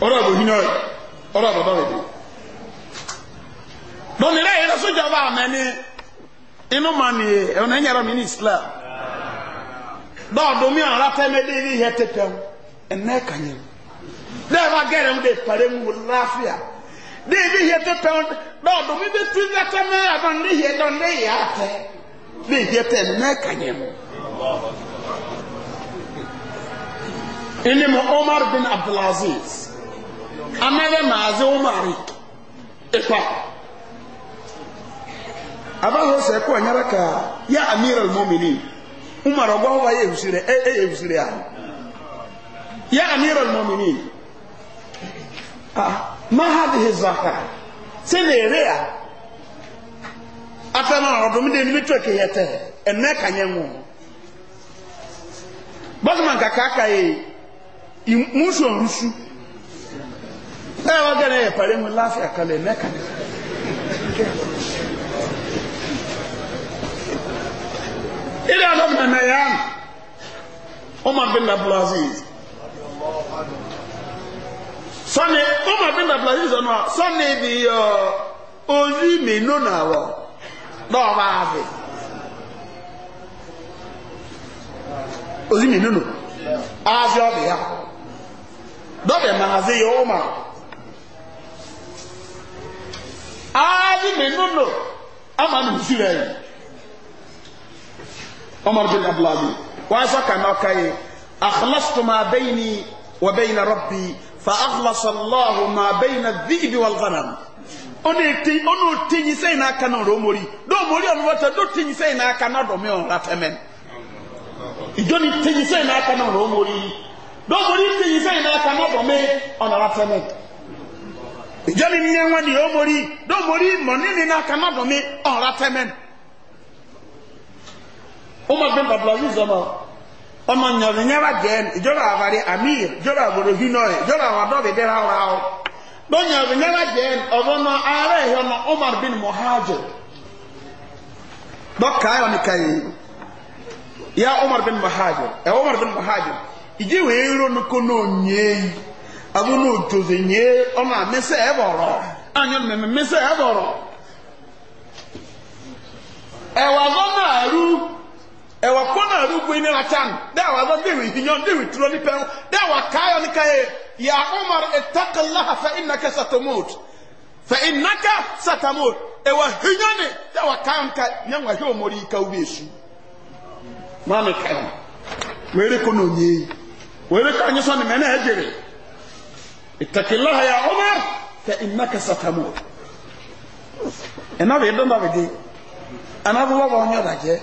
ɔmɔ abohin na yɛ ɔmɔ abɔdɔ bebe dɔnni rɛ yɛrɛ sojɔ b'a mɛ ni inu ma nin ye ɛn ne yɛrɛ mi ni islam dɔw domi ara tɛ mɛ deli yɛ tɛ tɛw ɛnɛ ka ɲɛ dɛɛ b'a gɛrɛ mu de pare mu lafiya deli yɛ tɛ tɛw dɔw domi bɛ tu bɛ tɛ mɛ a dɔn ne yɛ dɔn ne yɛ a tɛ ne yɛ tɛ ɛnɛ ka ɲɛ mu. ini mu bin abdulaziz amɛ bɛ maazi umar ipa. abaho sɛ kɔ nyere ka ya amir almominin umar ɔgɔho ba yɛ ehusire ɛ e, ɛ e, ya amir almominin ah mahadi hezaka sɛ na ere a afɛn a ɔdɔm de nimitɔ kɛyɛ tɛ ɛnɛ ka nyɛ ŋo bɔtɔman kaka ka aka musu ɔrusu ɛ wa gɛrɛ yɛ pare mu lafiya kalɛ ɛnɛ ka nyɛ. إلى أن الميان عمر بن عبد العزيز sani umar bin abdulaziz ọ̀nà sani bi ozi mìínú náà wọ náà bá ozi mìínú nù azi ọbẹ ya azi ama na عمر بن أبلابي وأسكى نوكي أخلصت ما بيني وبين ربي فأخلص الله ما بين الذئب والغنم ɔne ti ɔne ti nyisɛn n'aka na ɔrɔ mori do mori ɔno wɔtɛ do ti nyisɛn n'aka na dɔmi ɔn ratɛmɛ ijo ni ti nyisɛn n'aka na ɔrɔ mori do mori ti nyisɛn n'aka na dɔmi ɔn ratɛmɛ ijo ni nyɛnwa ni ɔmori do mori mɔni ni n'aka na dɔmi ɔn ratɛmɛ. umar bin abdulaziz ọmọ ọmọ nyọ̀rọ̀ nyẹ́wà jẹ́n ìjọba amir ìjọba àgbòrò hinoy ìjọba àwọn adọ́bẹ̀ dẹ́rẹ́ àwọn àwọn bó nyọ̀rọ̀ nyẹ́wà umar bin muhajir dọ́kà ayọ̀ ní ya umar bin muhajir ẹ̀ umar bin muhajir iji wee ronú kó náà nyẹ́ ɛwɔ kɔn a ɛdo gbɛyi ne akyɛn dɛ wa zɔn de wi hinyɔn de wi turo ne pɛn dɛ wa kaayɔ ne kaayɛ ya umar etakalaha fɛ inaka satamot fɛ inaka satamot ɛwɔ hinyɔn ne dɛ wa kaayɔ ne kaayɛ nyɛ wa hɛ omori yi ka wo bɛ esu maame kaayɔ n'onye yi wɛrɛ anyi sɔni mɛ ya umar fɛ inaka satamot ɛnna bɛ dɔn dɔ bɛ di ɛnna bɛ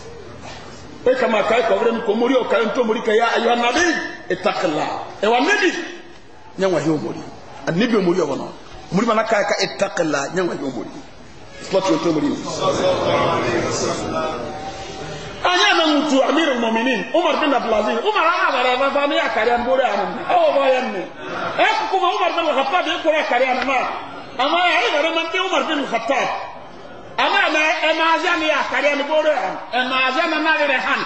e kama kai ko vrem ko muri o kai to muri ka ya ayuha nabi ittaqilla e wa nabi nyanwa hiyo muri annabi muri o wono muri mana kai ka ittaqilla nyanwa hiyo muri spot yo to muri anya na mtu amiru mu'minin umar bin abdul aziz umar ala na ba ni akari an bore an o ba yanne e kuma umar bin khattab e ko akari an ma ama ya ni man umar bin khattab ama ama e, e, ama azia ne akari ɛna boro ɛn ɛna azia ne nare ne han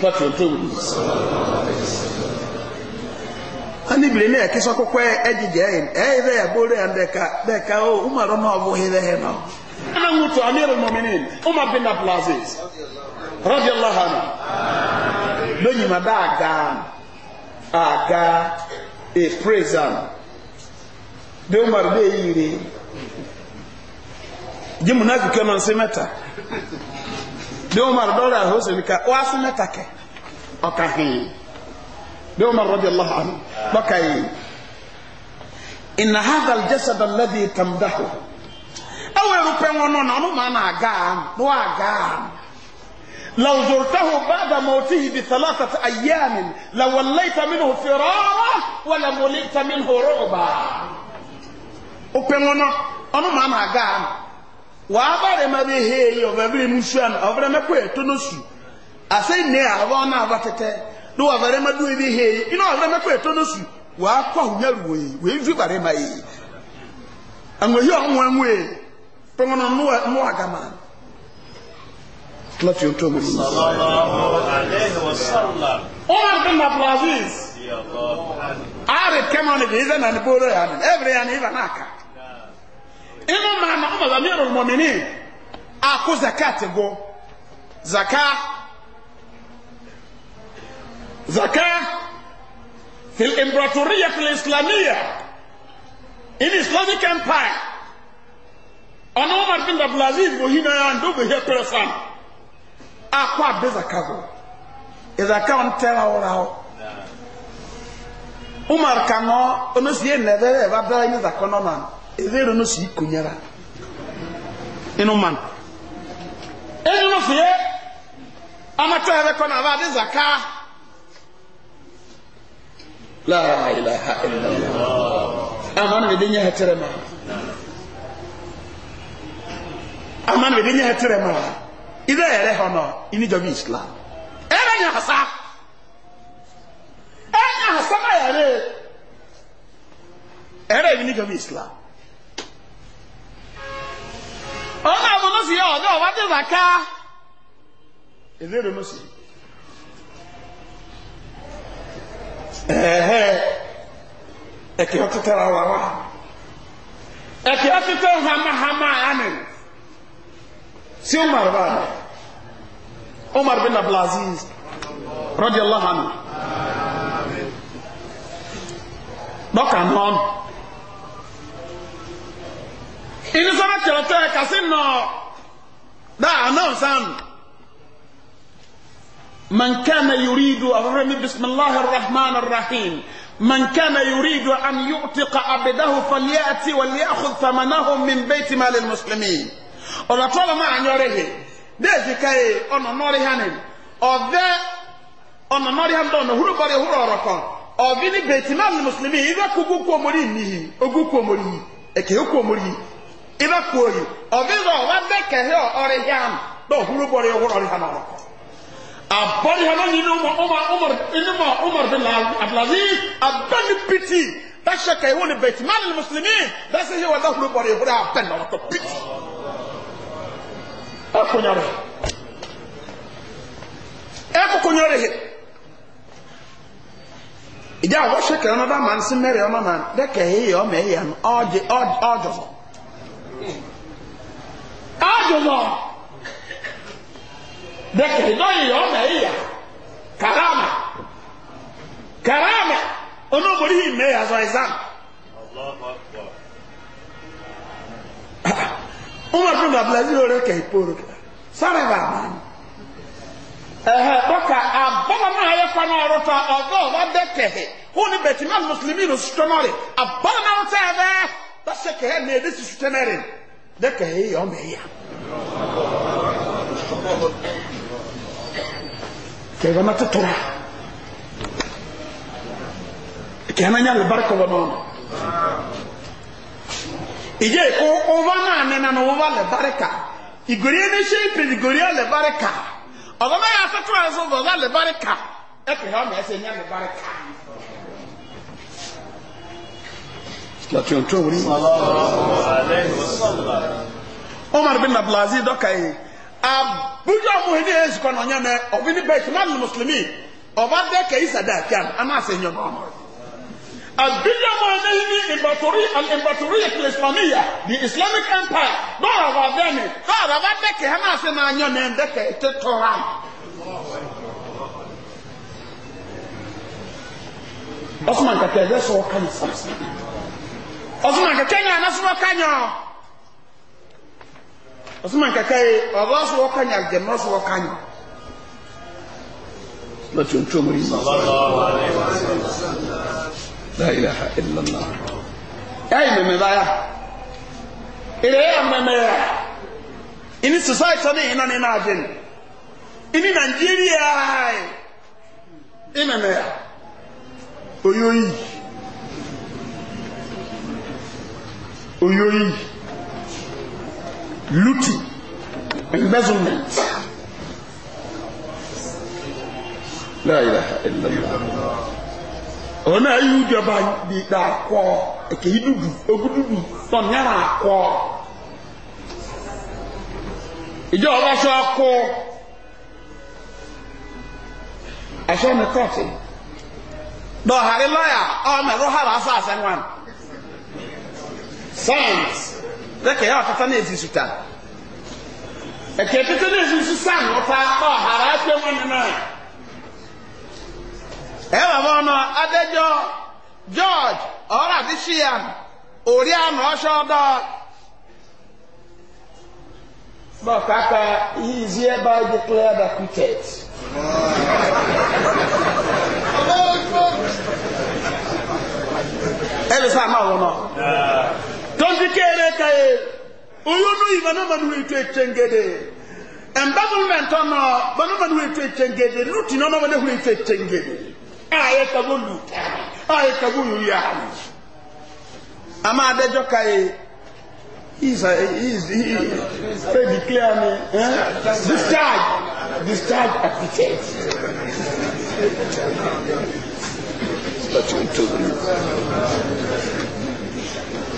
pɔtɔ tó wuli. ani biri ne yɛkisɛ kɔkɔ ɛgyegye ɛyin ɛyɛ dɛ yɛboro ɛn dɛka dɛka o uma dɔ ma ɔbɔ hɛrɛ hɛ na. ana ŋu tó amir mɔminin uma bin abdulaziz rabi allah ana lóyìnbó dá aga aga a e, praise am de umar de yiri jí munafiki ọ̀nà sí mẹ́ta bí wọ́n máa dọ́rọ̀ àhó sí nìkan wá sí mẹ́ta kẹ ọ̀ka hìn bí wọ́n máa rọ́bì allah àánú lọ́ka yìí ìnà hàdà jẹ́sẹ̀ dà lẹ́bi tàmdáhù ẹwọ erupẹ wọn nọ n'ọmọ maa na aga àánú ní wọ́n aga àánú lọ́wọ́zọ̀rọ̀tàhù bàdà mọ̀tí ibi tàlátàtà ayéàmì làwọ̀lẹ́tàmínú fìrọ́rọ́ wọ́lẹ̀mọ̀lẹ́tàmínú rọ́ọ̀bà ó pẹ́ wọn nọ ọmọ maa na aga àánú Wa ma bi he yo obere me kwe to no na abatete do wabare ma bi obere no wa kwa hunya ruwe we ju bare ma yi anwo yo anwo anwe pongono no no agama lati onto mu sallallahu alaihi wasallam umar bin abdul aziz are kemani bi zana ni boro yani na ibanaka inu maana umar amirul mu'minin aku zakati go zaka zaka fil imbratoriya fil islamiya in islamic empire ọ̀nà umar bin abdulaziz bo hina ya ndo bo he person aku abe zaka go izaka on tera ra o umar kano onosie nebe ba bela ni zakona na ezero no si konyara inu man enu no fie amato ebe ko na ba de zaka la ilaha illallah aman be de nya hetere ma aman be de nya hetere ma ide ere hono ini jobi islam ere nya hasa ere nya hasa ma ere ere ini jobi islam ọmọ àwọn ọmọ sì yẹ ọdọ ọba tí zaka ìlérò ló sì. ẹ̀hẹ́ ẹ̀kẹ́ ọtítẹ́ ra wa wá ẹ̀kẹ́ ọtítẹ́ hamahama amin sí umar bá umar bin abdulaziz rọ́dí allah hanu dọ́kà náà ini sɔrɔ kyerɛ tɛ kasi nɔ daa anam san man kana yuridu afɔfɛ mi bisimilahi rahman rahim man kana yuridu an yu'tiqa abidahu falyati walyakhudh thamanahu min bayti mali muslimin ɔlɔ tɔlɔ maa nyɔre he deesi ka ye ɔnɔ nɔri hanin ɔvɛ ɔnɔ nɔri hanin dɔn ɔhuru bɔri ɔhuru ɔrɔ kɔn ɔvi ni bayti mali muslimin ibe kugu kuomori nihi ogu kuomori eke okuomori ịba kuoyi ọbịza ọwa bekee ọrị hịa m na ọhụrụ bọrọ ya ọhụrụ ọrị ha n'ọrụ abọrị ha n'onye ndị ụmụ ụmụ ụmụ ndị ụmụ ụmụ ndị na abdulaziz abani piti dasha ka iwu ni beti e e man ni muslimi dasi ihe wa dahuru bọrọ ihuru abẹ na ọtọ piti ekonyere ekokonyere he ìdí àwọn ṣẹkẹrẹ ọmọdé àmà ń sin mẹrẹ ọmọ màá dẹkẹ ẹyẹ ọmọ ẹyẹ ọjọ ọjọ ajụjụ dịka ịdọghị ya ọ na-eyi ya karama karama onye obodo ihe mee ya zọ ịzam umar bin abdulaziz ore ka iporo sara ba ba ehe baka na aye kwa na rota ogo ba dekehe huni betimal muslimin usutonore na rota That's a care near this is temerin. The care on me. Kega matutura. Kena nyal baraka wa mama. Ije ko ovana nena no ovale baraka. Igori ne shepre igori ale baraka. Ogoma ya satura zo go ale baraka. Eke ha me se nyal láti ọ̀tún orí omar bin abdulaziz dọ́ka yìí abuja ọmọ ẹni ẹ̀sùn kan ọ̀nyẹ́ mẹ́ ọ̀bí ní bẹ́ẹ̀ kìnnà ní mùsùlùmí ọba dẹ́kẹ̀ yìí sàdá àkíyà àná àṣẹ ẹ̀yọ́ ọmọ abuja ọmọ ẹni ní ìbàtúrí ìbàtúrí ìpìlẹ̀ islamiyà the islamic empire bọ́ọ̀rọ̀ wà bẹ́ẹ̀ ni bọ́ọ̀rọ̀ ọba dẹ́kẹ̀ ẹ̀ náà ṣe máa yọ mẹ́ dẹ́kẹ̀ ètè tọ́ra. osman kàtẹ́ ẹ̀ ọsùnmọ̀ kẹkẹ yẹn anásùnmọ̀ kanyọ ọsùnmọ̀ kẹkẹ yẹ ọba sọwọ́ kanyọ àjẹmọ́ sọwọ́ kanyọ lọ́tún tó mú yìí láìláha ìlànà ẹ̀yìn mẹ́mẹ́ báyà ilẹ̀ yà mẹ́mẹ́ yà ìní sòsáìtì ní ìnáni náà dín ìní nàìjíríà ìmẹ́mẹ́ yà oyóyìí. oyoyi looting embezzlement láìláha ẹlẹ́lá ọ̀nà ayélujára di dàkọ́ èké dúdú ogún dúdú tọ̀nyára àkọ́ ìjọ ọba aṣọ akọ aṣọ mi kọ́ọ̀tì dọ̀hàrí lọ́yà ọmọ ẹ̀rọ hàrá sáà Sands. lẹ́kẹ̀ẹ́ yà ọ̀tọ́tọ́ náà èsì sùtà ẹ̀kẹ́ tẹ́tẹ́ náà èsì sùtà ọ̀tá ọ̀hàrà ẹgbẹ́ wọn nínú ẹ̀ ẹ wà mọ́ ọ̀nà adẹ́jọ́ george ọ̀rọ̀ àti shian òrí àná ọ̀ṣọ́ Kaka. bọ́ kàkà he is hereby declared acquitted. ẹ lè sọ àmà wọn tozitereka ye oyo noyiva nomanu wetu echengede embavument ono banomanu wetu etengede luti nono banehu wetu echengede aye kabuluta aye kabuluyani ama adejo kaye He's, a, he's, he, he's he me he eh? discharge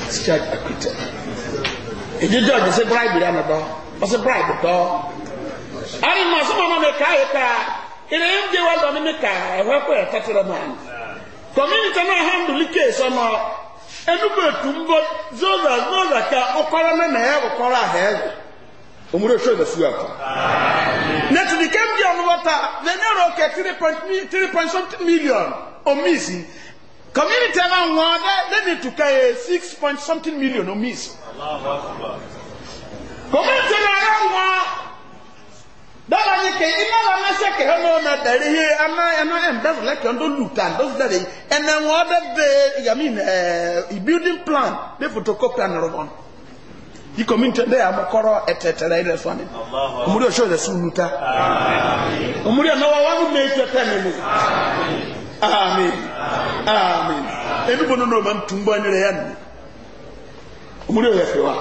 is charged acquitted. Èdè jọ́ọ̀jì sí bribe rẹ̀ nìdọ́, wọ́n sí bribe dọ́. Ari ma sọ́mọ́ ọmọ mi káyé ká, ìrẹ̀ yẹn jẹ́ wọ́n lọ mi ká ẹ̀họ́ ẹ̀kọ́ ẹ̀ tẹ́tẹ́rẹ́ mọ́ àná. Community náà handle case ọmọ ẹnubọ̀ ètù ń bọ̀ zọ́ọ̀zà zọ́ọ̀zà ká ọkọ̀rọ̀ mẹ́mẹ́ ẹ̀ ọkọ̀rọ̀ àhẹ́ẹ̀rẹ̀. Òmùrè ṣọ́ ìbẹ̀ fún ẹ̀kọ́. Nẹ́tùdì kẹ́mbíọ̀nù wọ́ta, Venero kẹ́ three point three point something million, omisi community na wọn dẹ dẹ need to carry six point something million o miss community na ẹ wọn dọ́là yìí kẹ iná lọ mẹsẹ̀ kẹ ẹ lọ́wọ́ náà dẹ̀rẹ̀ yìí ẹná ẹná ẹ̀ǹdẹ́sọ̀ lẹ́kẹ̀ọ́ ndó lùtà ndó dẹ̀rẹ̀ yìí ẹnẹ wọn dẹ bẹ yàmi ẹ building plan dẹ photocopy ànàrọ̀ wọn yìí community dẹ yà mọ̀kọ́rọ̀ ẹ̀tẹ̀tẹ̀rẹ̀ ilẹ̀ fún mi òmùdí ọ̀ṣọ́ ìdẹ̀sùn lùtà òmùdí ọ̀nà wọn wọn mú mi tẹ̀tẹ̀ mi mu. amen amen ẹni bọ́ nínú ọmọ tún bọ́ ẹni rẹ̀ yá nìyí ọmọdé yẹ fẹ́ wa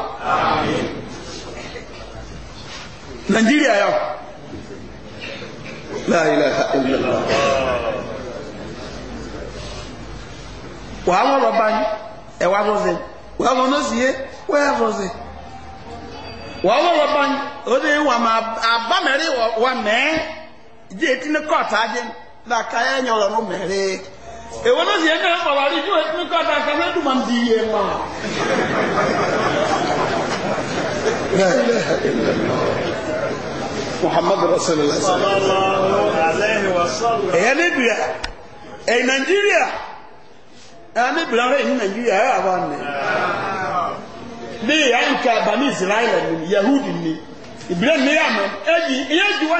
nàìjíríà yà láìlà ìlàlá wàá wọ́n lọ báyìí ẹ̀wà rọ́ọ̀sẹ̀ wàá wọ́n náà sì yé wẹ́ẹ̀ rọ́ọ̀sẹ̀ wàá wọ́n lọ báyìí ó dé wà má abámẹ́rẹ́ wà mẹ́ẹ́ jẹ́ etí ní ajé da kaya nyola no mere e wono si eka ko wari ju et ko da ka na du man diye ma la ilaha illa allah muhammad alaihi wasallam e ne bia e nigeria e ne bia re nigeria e aba ne ni yanka bani israel ni yahudi ni ibrahim ni ya me eji iye juwa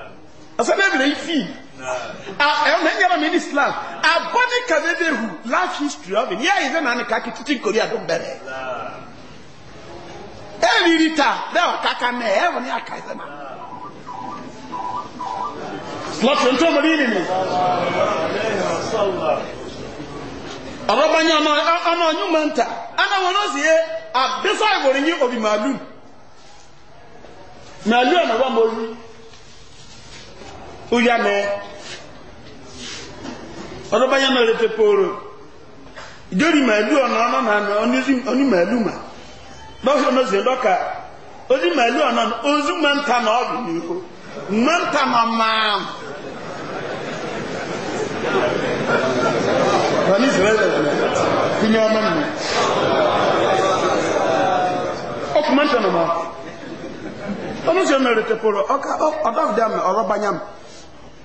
asana ebire ifi ɛna nyɛra mi ni islam abɔni kadede hu life history of it yɛ ayi dɛ nani kaki titi nkori ado bɛrɛ ɛriri ta dɛ ɔkaka nɛ ɛwɔ e, ni aka ɛsɛ ma lọtọ ntọ mọ ní nìyí ọ̀rọ̀banyẹ ọmọ ọ̀nyún mọ́ ntà ana wọn ó sì yẹ àbísọ̀ ìwòrìyìn òbí màálù màálù ọ̀nà wà mọ́ yìí uya mɛ ɔdɔba yɛn na lete pooro ìjọri màálù ọ̀nà ọ̀nà nànà ọ̀ní màálù mà lọ́sọ̀ ọ̀nà ọ̀sẹ̀ dọ́kà ọ̀ní màálù ọ̀nà ọ̀zú mẹ́ta nà ọ̀bì nìyó mẹ́ta ma máa wọ́n ìsirẹ́ lẹ́lẹ́ fi ní ọmọ mi ọkùnrin mẹ́ta nà máa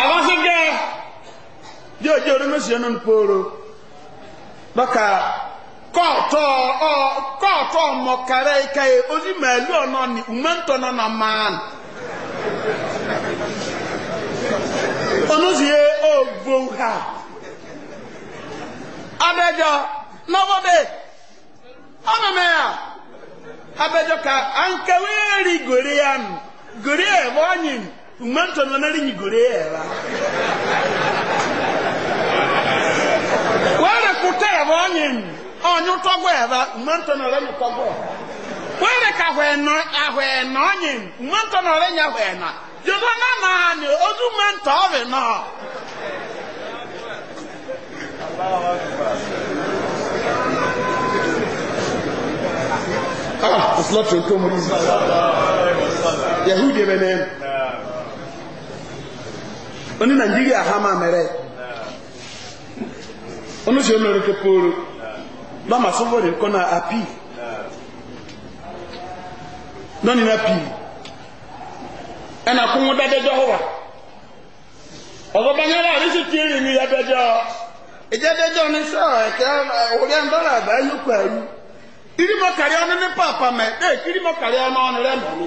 awasege dị remesi enon poro baka kɔɔtɔ ɔ kɔɔtɔ mɔkara yi ka ozi mɛlu ɔnɔ ni umɛntɔ nana na onuzi ye o vowu ha abɛjɔ nɔbɔ de ya. abedoka ankeweri gore ya nu gore ya bụ onye umento na nari ni gore ya la were kuta ya bụ onye onye tọgwọ la umento na nari tọgwọ were ka hwe no ahwe na onye umento na nari nya hwe na jodo na na ni ozu mento ove no Allahu Akbar ah ọsọlọtọ ntọ mọ yìí yahudi bẹ nẹẹmu oní nàìjíríà ha máa mẹrẹ oníṣẹ́ olórí kẹpọọrọ lọ́mà sọ́wọ́rì kọ́ na àpì lọ́nà ní àpì ẹnà kún wọn dájẹ́jọ́ wà na yára àríṣẹ́ tí èrè mi yá dájọ́ ìjẹ́dẹ́jọ́ nke sọ́ọ̀ ẹ̀kẹ́ orí ẹ̀ńdọ́rà irimo kari ɔno ne paapa mɛ ee irimo kari ɔno ɔno rɛ nɔni.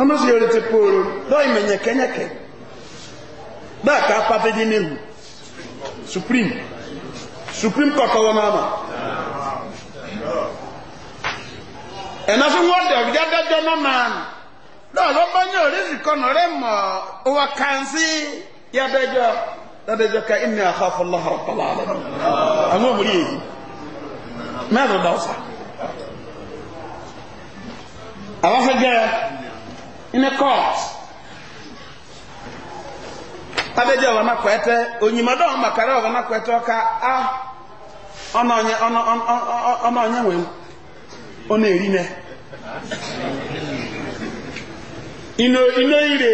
ɔno si yɛrɛ ti pooro dɔɔ ime nyɛkɛnyɛkɛ bɛɛ kaa pata di ne hu supreme supreme kɔkɔ wɔn ama. ɛnna so wɔn dɛ ɔbi dɛ dɛ no man dɔɔ lɔbɔ nyɛ orisi kɔnɔ rɛ mɔ ɔwɔ kansi yɛ bɛ jɔ. dada zaka inni akhafu Allah rabbal alamin àwọn muri yi ma do dawsa àwọn haja in a court abeje wa makwete onyimado makara a ona onye ona ona onye nwe ino ino ire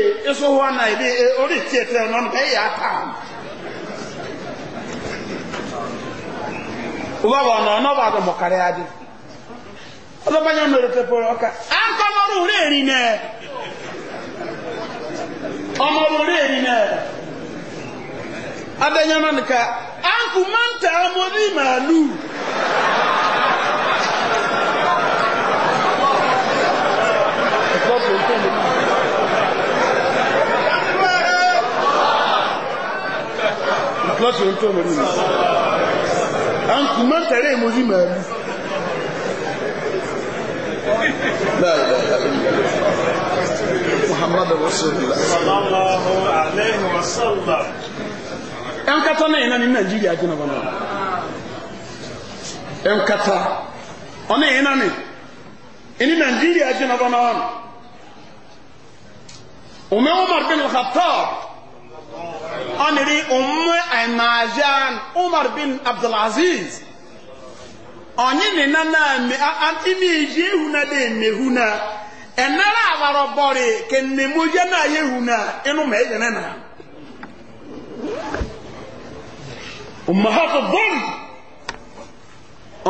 na ya ubaba ono onoba ago mokare dị odobanya onore tepore ọka anka moro ure eri ne omoro ure eri ne adanya manika anku manta omori malu Classe, eu não estou, أنكم من ترى مهمة لا لا لا محمد رسول الله صلى الله عليه وسلم ẹnkata náà yẹn ní nàìjíríà jẹ́ nàbọ̀ náà ẹnkata ọ̀nà yẹn náà ní ní nàìjíríà jẹ́ nàbọ̀ náà ọ̀nà umar bin khattab ọnịrị ụmụ umm anajan umar bin abdulaziz onye nina na ime iji ehu na dị emehu na enara agbara bọrị ke nne na ya ehu na ịnụ ma ejene na ụmụhapụ bọrị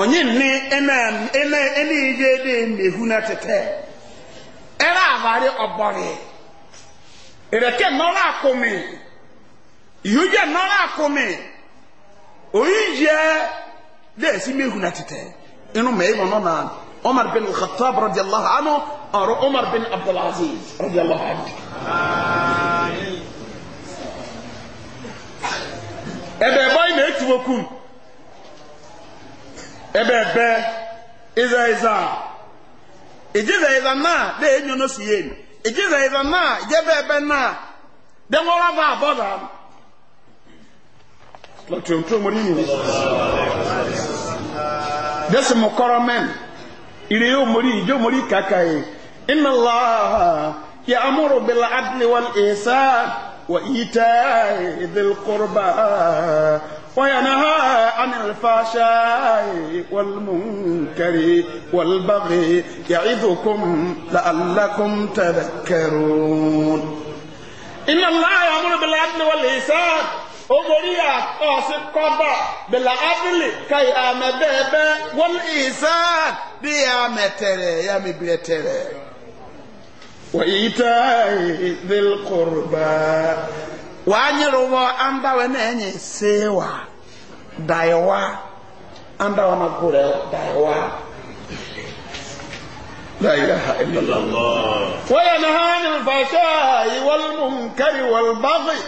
onye nne ene ije dị emehu na tete era agbara ọbọrị ereke nọrọ akụmị ìyójẹ nara akome oyiyẹ dẹ esi mehu na titẹ inú mẹ ìmọ̀ nọ́nà umar bin khattab radiyallahu anhu ọ̀rọ̀ umar bin abdulaziz radiyallahu anhu. ẹbẹ ẹbọ yìí na-etu okwu ẹbẹ ẹbẹ ịza ịza ìjìza ịza náà dẹ enyo n'osi yẹn ìjìza ịza náà ìjẹbẹ ẹbẹ náà dẹ nwọrọ abọ abọ dàá. lọ́tí ohun tó mọ́ nínú jẹ́sì mọ̀ kọ́rọ̀ mẹ́n ìrè yóò mọ̀rí ìjọ mọ̀rí kàkà yìí iná lọ yà amúrò bẹ̀lá adìlẹ̀wọ̀n ẹ̀sà wà ìyíta ìdílkọ́rọ̀bà وينهى عن الفحشاء والمنكر والبغي يعظكم لعلكم تذكرون إن الله يأمر بالعدل والإحسان omori a ɔsi kɔba bila abili kai ame bɛɛbɛ wɔn isan bi ya mɛ tɛrɛ ya mi bilɛ tɛrɛ. wàyíta ìdíl koroba. wàá nyere wọ an bá wẹ sewa dayewa an ma kó rẹ dayewa. لا إله إلا الله وينهى عن الفحشاء والمنكر والبغي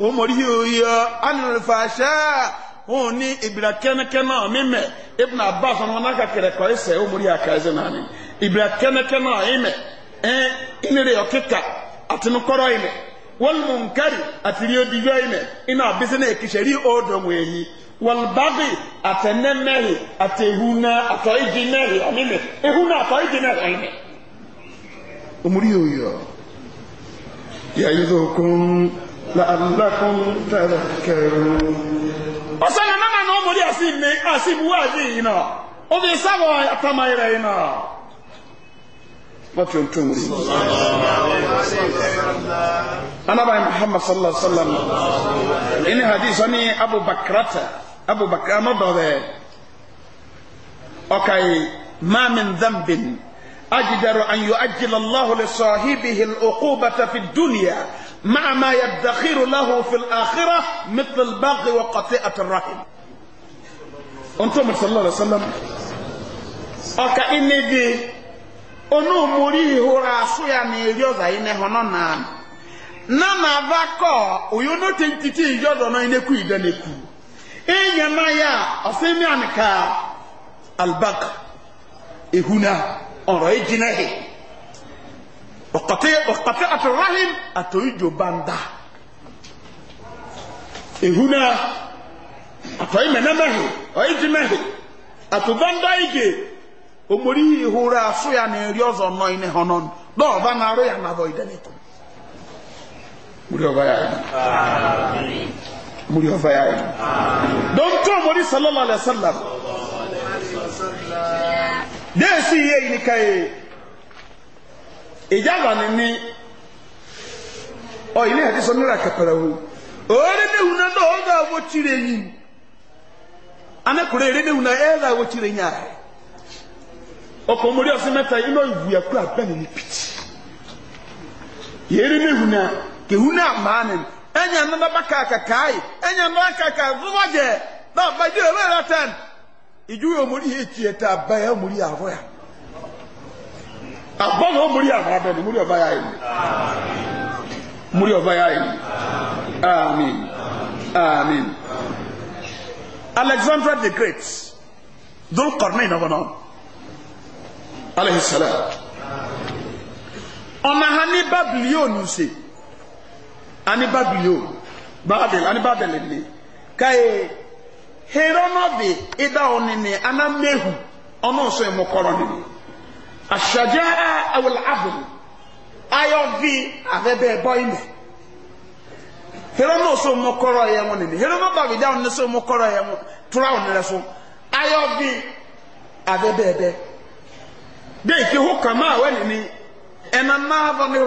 omori oyo anil fasha oni ibira kenekena mime ibn abbas on wanaka kere ko ise omori akaze nani ibira kenekena ime eh inere yokika atinu koro ime wal munkari atiriyo diyo ime ina na kisheri odo mweyi wal baghi atenemehi atehuna atoijinehi amime ehuna mehi atoijinehi ime omori oyo ya yidokun لعلكم تذكرون ọ̀sán yẹn náà náà mọ̀lẹ́ àti ìmẹ̀ àti ìbúwá àti yìí náà ó fi sáwọ̀ àtàmà rẹ̀ yìí náà. wọ́n ti tún wù sí. anábàáyé muhammad sallallahu alayhi wa sallam ẹni hadith ọ̀ni abubakarata abubakar anọ́dọ̀rẹ́ ọ̀ka yìí mamin dambin ajidaru an yu ajilallahu lissahibihi al'uqubata fi duniya. مع ما يدخر له في الآخرة مثل البغي وقطيئة الرحم أنتم صلى الله عليه وسلم أكا إني دي أنو مريه راسويا نيريوزا إني هنونان nana vakɔ oyo no tentiti yɔdɔ no ineku idaneku enyama ya ɔsɛmi anika albak ehuna ɔrɔ egyina he ọ̀kọ̀tẹ́ àtọ̀ráhìm àtọ̀íjò bá ń dá èhú náà àtọ̀í mẹ́nẹ́mẹ́hù ọ̀í ti mẹ́hù àtọ̀bándá ìgè òmòrí ìhúra súyà ní rí ọ̀zọ̀ nọ iné hàn náà dọ́ọ̀bá náà rẹ̀ yàn nàbọ̀ ìdẹ́nìkù múrí ọba yà yìí múrí ọba yà yìí dọ́ntọ́ òmòrí sallọ́lá alẹ́ sallá dẹ́ẹ̀sì yẹ́ ìníkà yìí ìjábà ni ní ọ ilé ẹ̀dí sọ nílà kẹpẹrẹ wo òórẹ́ níhùn náà náà ọ̀gá owó tìrẹ yìí ya èrè níhùn náà ẹ̀ẹ́dà owó tìrẹ yìí ààrẹ ọkọ̀ mórí ọ̀sẹ̀ mẹ́ta iná ìwú ẹ̀kú abẹ́ni ní pìtì níhùn náà kẹhùn náà máa nínú bá kàkà káyì nínú bá kàkà náà yìí yà yà. abọ́nà ó múrí àwọn abẹ́ni múrí ọba yáyé mi múrí ọba yáyé amen amen alexander the great dol kọrnẹ́yìn náà wọnà aleyhisselam ọ̀nà ha ní babilọ́ọ̀nù ṣe ani babilọ́ọ̀nù babel ani babel ni káyé hẹ́rọ́nọ́bì ìdáhùn nìní anamẹ́hù ọ̀nà ọ̀sọ́ ìmọ̀kọ́rọ̀ الشجاعة أو العبد أيوفي أبدا بايمة هرمو سو مكورا يموني هرمو بابي داون نسو مكورا يموني تراون نسو أيوفي أبدا dai ke hukama wani ne ena na ba na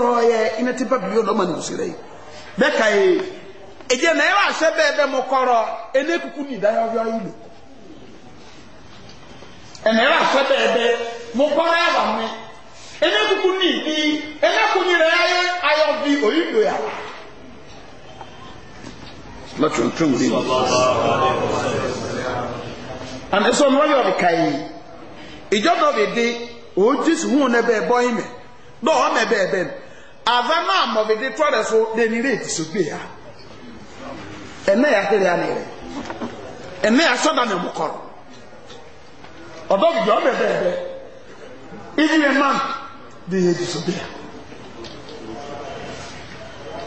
era se be ẹnìyẹn afẹ bẹẹbẹ mo kọrọ ẹ wà mí ẹnẹ kúkú ní ìdí ẹnẹ kú ní ayọ bí òyìnbó and so lọ́tún tún rí mi. àmì sọ wọn di òun jésù hùn ní bẹ́ẹ̀ bọ́ ìmẹ̀ náà wọ́n mẹ́ bẹ́ẹ̀ bẹ́ẹ̀ àfẹ́ náà di tọ́lẹ̀ so lẹ́ni ilé gbé ya ẹ̀nẹ́ yà kéde àná rẹ̀ ẹ̀nẹ́ yà ọdọ bi jọ ọbẹ bẹẹ bẹ ibi yẹn man de yẹ di so bia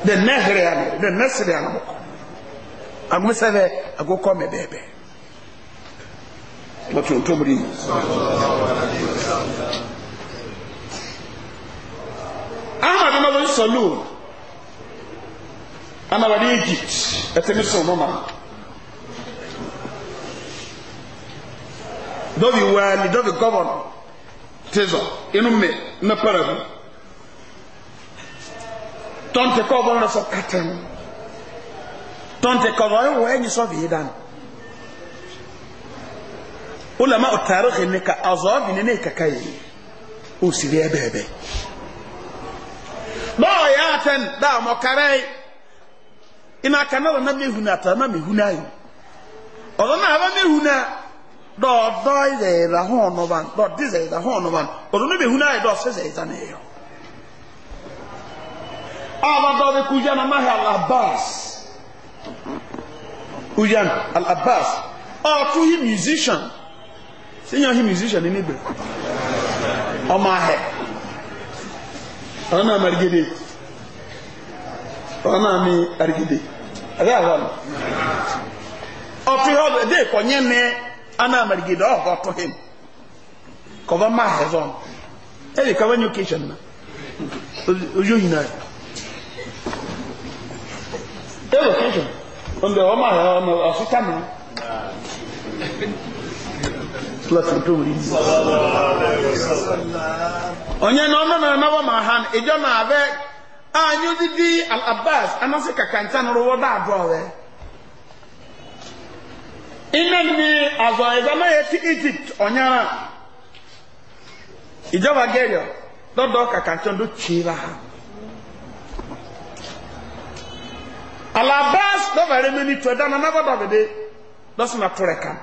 de nẹ hẹrẹ ano de nẹ sẹrẹ ano kọ agbésẹ bẹ agokọ mẹ bẹẹ bẹ lọtún tó mu di yìí. ahmadu náà wọ́n sọ lóòrù anabadi egypt ẹ ti ní sọ̀rọ̀ mọ́ màá. dɔbi waali dɔbi gɔbɔn tezɔ inu mɛ na paragu tɔnte kɔbɔn na sɔ katɛn tɔnte kɔbɔn ayi wɔ ɛnyi sɔbi yi dan ulama o taarikhi ne ka azɔbi ne ne kaka yi o siri ɛbɛɛbɛ dɔw yaa tɛn daa mɔ kare ina kana na mi huna ta na mi huna yi ɔlɔ naa ba mi huna dɔɔdɔɔ zɛyɛda hɔn nɔban dɔɔdi zɛyɛda hɔn nɔban ɔdun ne bɛ hun ayɛ dɔɔ sɛ zɛyɛda ne yɛ ɔba dɔɔ bɛ kujan na mahi alabas kujan alabas ɔtu hi musician sɛnyɛ hi musician ne bɛ ɔma ahɛ ɔna mi arigede ɔna mi arigede ɛdɛ awɔ ɔtu hi ɔbɛ de kɔnyɛ nɛ. ana marigi da ọgọ to him kọba ma hezon ẹni kọba new kitchen na ojú yìí náà ẹwọ kitchen ọmọdé ọmọ àwọn ọmọ na mi lọsùn onye na ọmọ náà náwó ma ha al abbas anasị kakanta n'ụrụ wọba abụọ wee. inan ni azɔ ɛzama yɛ ti egypt ɔnyara ìjọba gẹ̀ẹ́rì lọ́dọ̀ kàkàtí ọdún tì í ha alabas lọ́ba mẹ́ni tó ẹ̀dá nana bọ́dọ̀ bẹ̀dẹ̀ lọ́sùn àtúrẹ̀ kan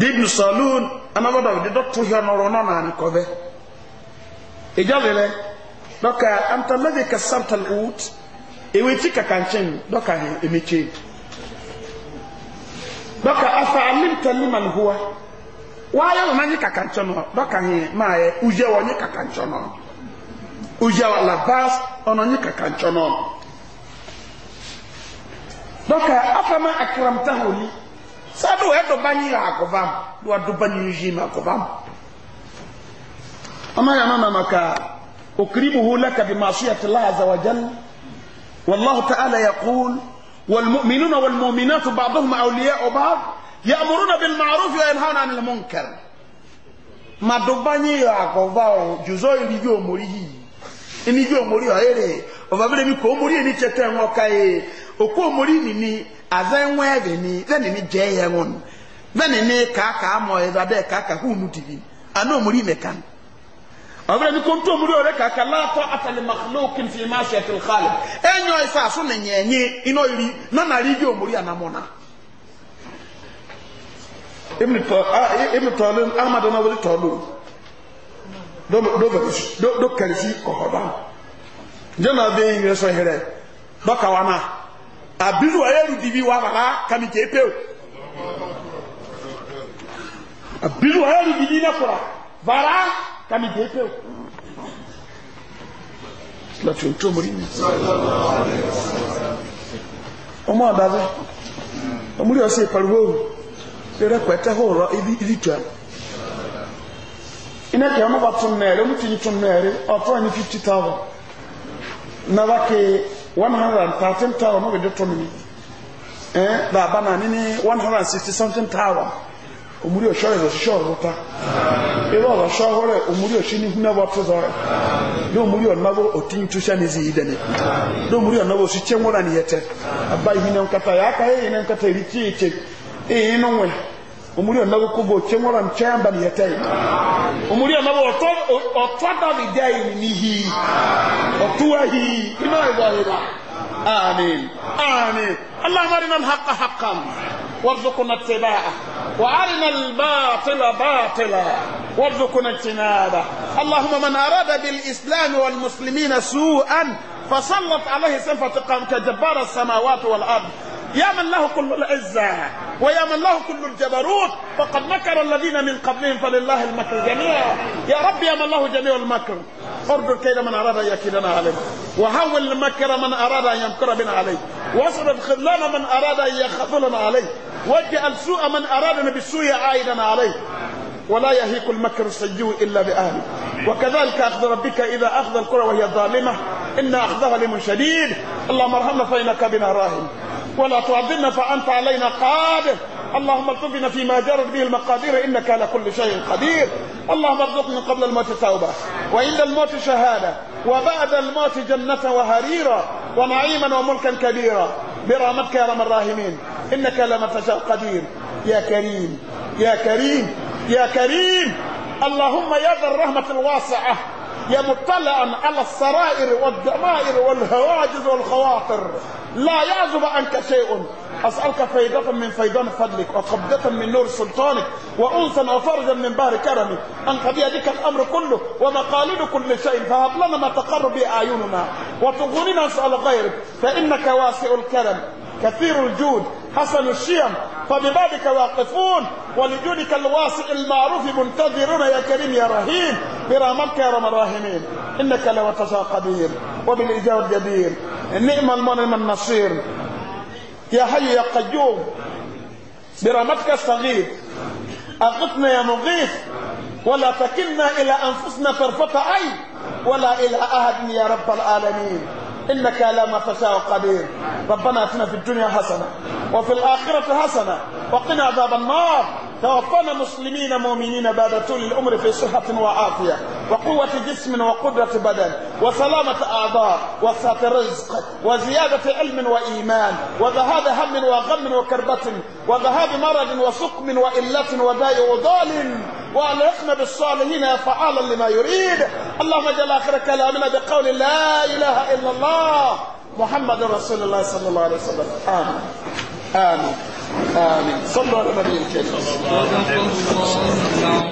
dìbò sọ̀lún anabọ́dọ̀ bẹ̀dẹ̀ dọ́tú hìọ́ nọ̀rọ̀ náà nàní ìjọba rẹ lọ́ka antalẹ́dẹ̀ kasam talwut ìwé tí kàkàtí yìí. dɔka afa alimta liman huwa waayɛ wɔn anyi kakankyɛ no dɔka hɛn maa yɛ ujɛ wɔn anyi kakankyɛ no ujɛ wɔn labas ɔno anyi kakankyɛ no dɔka afa ma akiramta holi saa do wɔyɛ dɔba nyi yɛ akɔbam do wa dɔba yi ma akɔbam ɔmo ayɛ no nana ka okiribu hu laka bi ma so yɛ tila azawajal wallahu ta'ala yɛ kuul. والمؤمنون والمؤمنات بعضهم أولياء بعض يأمرون بالمعروف وينهون عن المنكر ما دباني يعقوبا جزء يجوا مريه إني جو مريه هيري وفابل ميكو مريه إني تتن وكاي وكو مريه نيني أزاين ذن إني جاي ذن إني كاكا مو إذا دي كاكا هو مدين أنا مريه مكان ọbẹ̀rẹ̀ e mi kò ń tó mu lóore kàkà látọ̀ àtàlẹ́màkúlò kìntì má ṣe ẹ̀tìl xaalẹ̀ ẹ̀yàn ẹ̀fẹ́ àṣọ nìyẹnyi iná rí nánà rí bí òmùrí ànámọ́nà. emi tọ́lú ahmadu náà wọlé tọ́lú dó kẹrì sí ọ̀họ́dá jẹ́nà bẹ́ẹ̀ yìí rẹ̀ sọ hẹrẹ̀ dọ́kà wa náà àbílù ẹ̀rù dìbí wa rárá kàmi kẹ́ pé o àbílù ẹ̀rù dìbí náà kura bàrá. kami de pe o láti ohun tó mọ̀ nínú ọmọ àdáfẹ́ ọmọdé ọ̀sẹ̀ ìpàrọ̀wọ̀ òru lẹ́rẹ́ pẹ̀tẹ́ hóòrọ̀ ìdìtò ẹ̀ iná ọmọ bá tún ọmọ tún tún one hundred and thirteen thousand ọmọ mi one hundred sixty something omuri osho ezo sho ruta ebe oba sho hore omuri oshi ni huna wa tzo do omuri onago otin tusha ni zidene do omuri onago si chenwona ni yete abai hine nkata ya aka ye hine nkata riki iche e ino we omuri onago kubo chenwona mchamba ni yete omuri onago oto otwada vidai ni hi otua hi ino ego hira آمين آمين اللهم أرنا الحق حقا وارزقنا اتباعه وارنا الباطل باطلا وارزقنا اجتنابه اللهم من اراد بالاسلام والمسلمين سوءا فسلط عليه سيف انتقامك جبار السماوات والارض يا من له كل العزة ويا من له كل الجبروت فقد مكر الذين من قبلهم فلله المكر جميعا يا رب يا من له جميع المكر ارد كيد من أراد أن يكيدنا عليه وهول المكر من أراد أن يمكر بنا عليه واصرف خذلان من أراد أن يخذلنا عليه واجعل سوء من أرادنا بالسوء عائدا عليه ولا يهيك المكر السيء إلا بأهله وكذلك أخذ ربك إذا أخذ القرى وهي ظالمة إن أخذها لمن شديد اللهم ارحمنا فإنك بنا راهن ولا تعذبنا فأنت علينا قادر اللهم ارزقنا فيما جرت به المقادير إنك على كل شيء قدير اللهم ارزقنا قبل الموت توبة وعند الموت شهادة وبعد الموت جنة وهريرا ونعيما وملكا كبيرا برحمتك يا رحم الراحمين انك لما تشاء قدير يا كريم يا كريم يا كريم اللهم يا ذا الرحمه الواسعه يا مطلعا على السرائر والضمائر والهواجز والخواطر لا يعزب عنك شيء أسألك فيضة من فيضان فضلك وقبضة من نور سلطانك وأنسا وفرجا من بار كرمك أنت بيدك الأمر كله ومقاليد كل شيء فهب لنا ما تقر به أعيننا وتغنينا اسال غيرك فإنك واسع الكرم كثير الجود حسن الشيم فببابك واقفون ولجودك الواسع المعروف منتظرون يا كريم يا رهيم برامك يا رب الراحمين إنك لو قدير وبالإجابة الجدير النعم المنعم النصير يا حي يا قيوم برامتك الصغير أغثنا يا مغيث ولا تكلنا إلى أنفسنا طرفة عين ولا إلى أحد يا رب العالمين إنك على ما تشاء قدير ربنا أتنا في الدنيا حسنة وفي الآخرة حسنة وقنا عذاب النار توفنا مسلمين مؤمنين بعد طول الأمر في صحة وعافية وقوة جسم وقدرة بدن وسلامة أعضاء وسعة رزق وزيادة علم وإيمان وذهاب هم وغم وكربة وذهاب مرض وسقم وإلة وداء وضال وألحقنا بالصالحين فعالا لما يريد اللهم جل آخر كلامنا بقول لا إله إلا الله الله محمد رسول الله صلى الله عليه وسلم آمين آمين آمين صلوا على النبي الكريم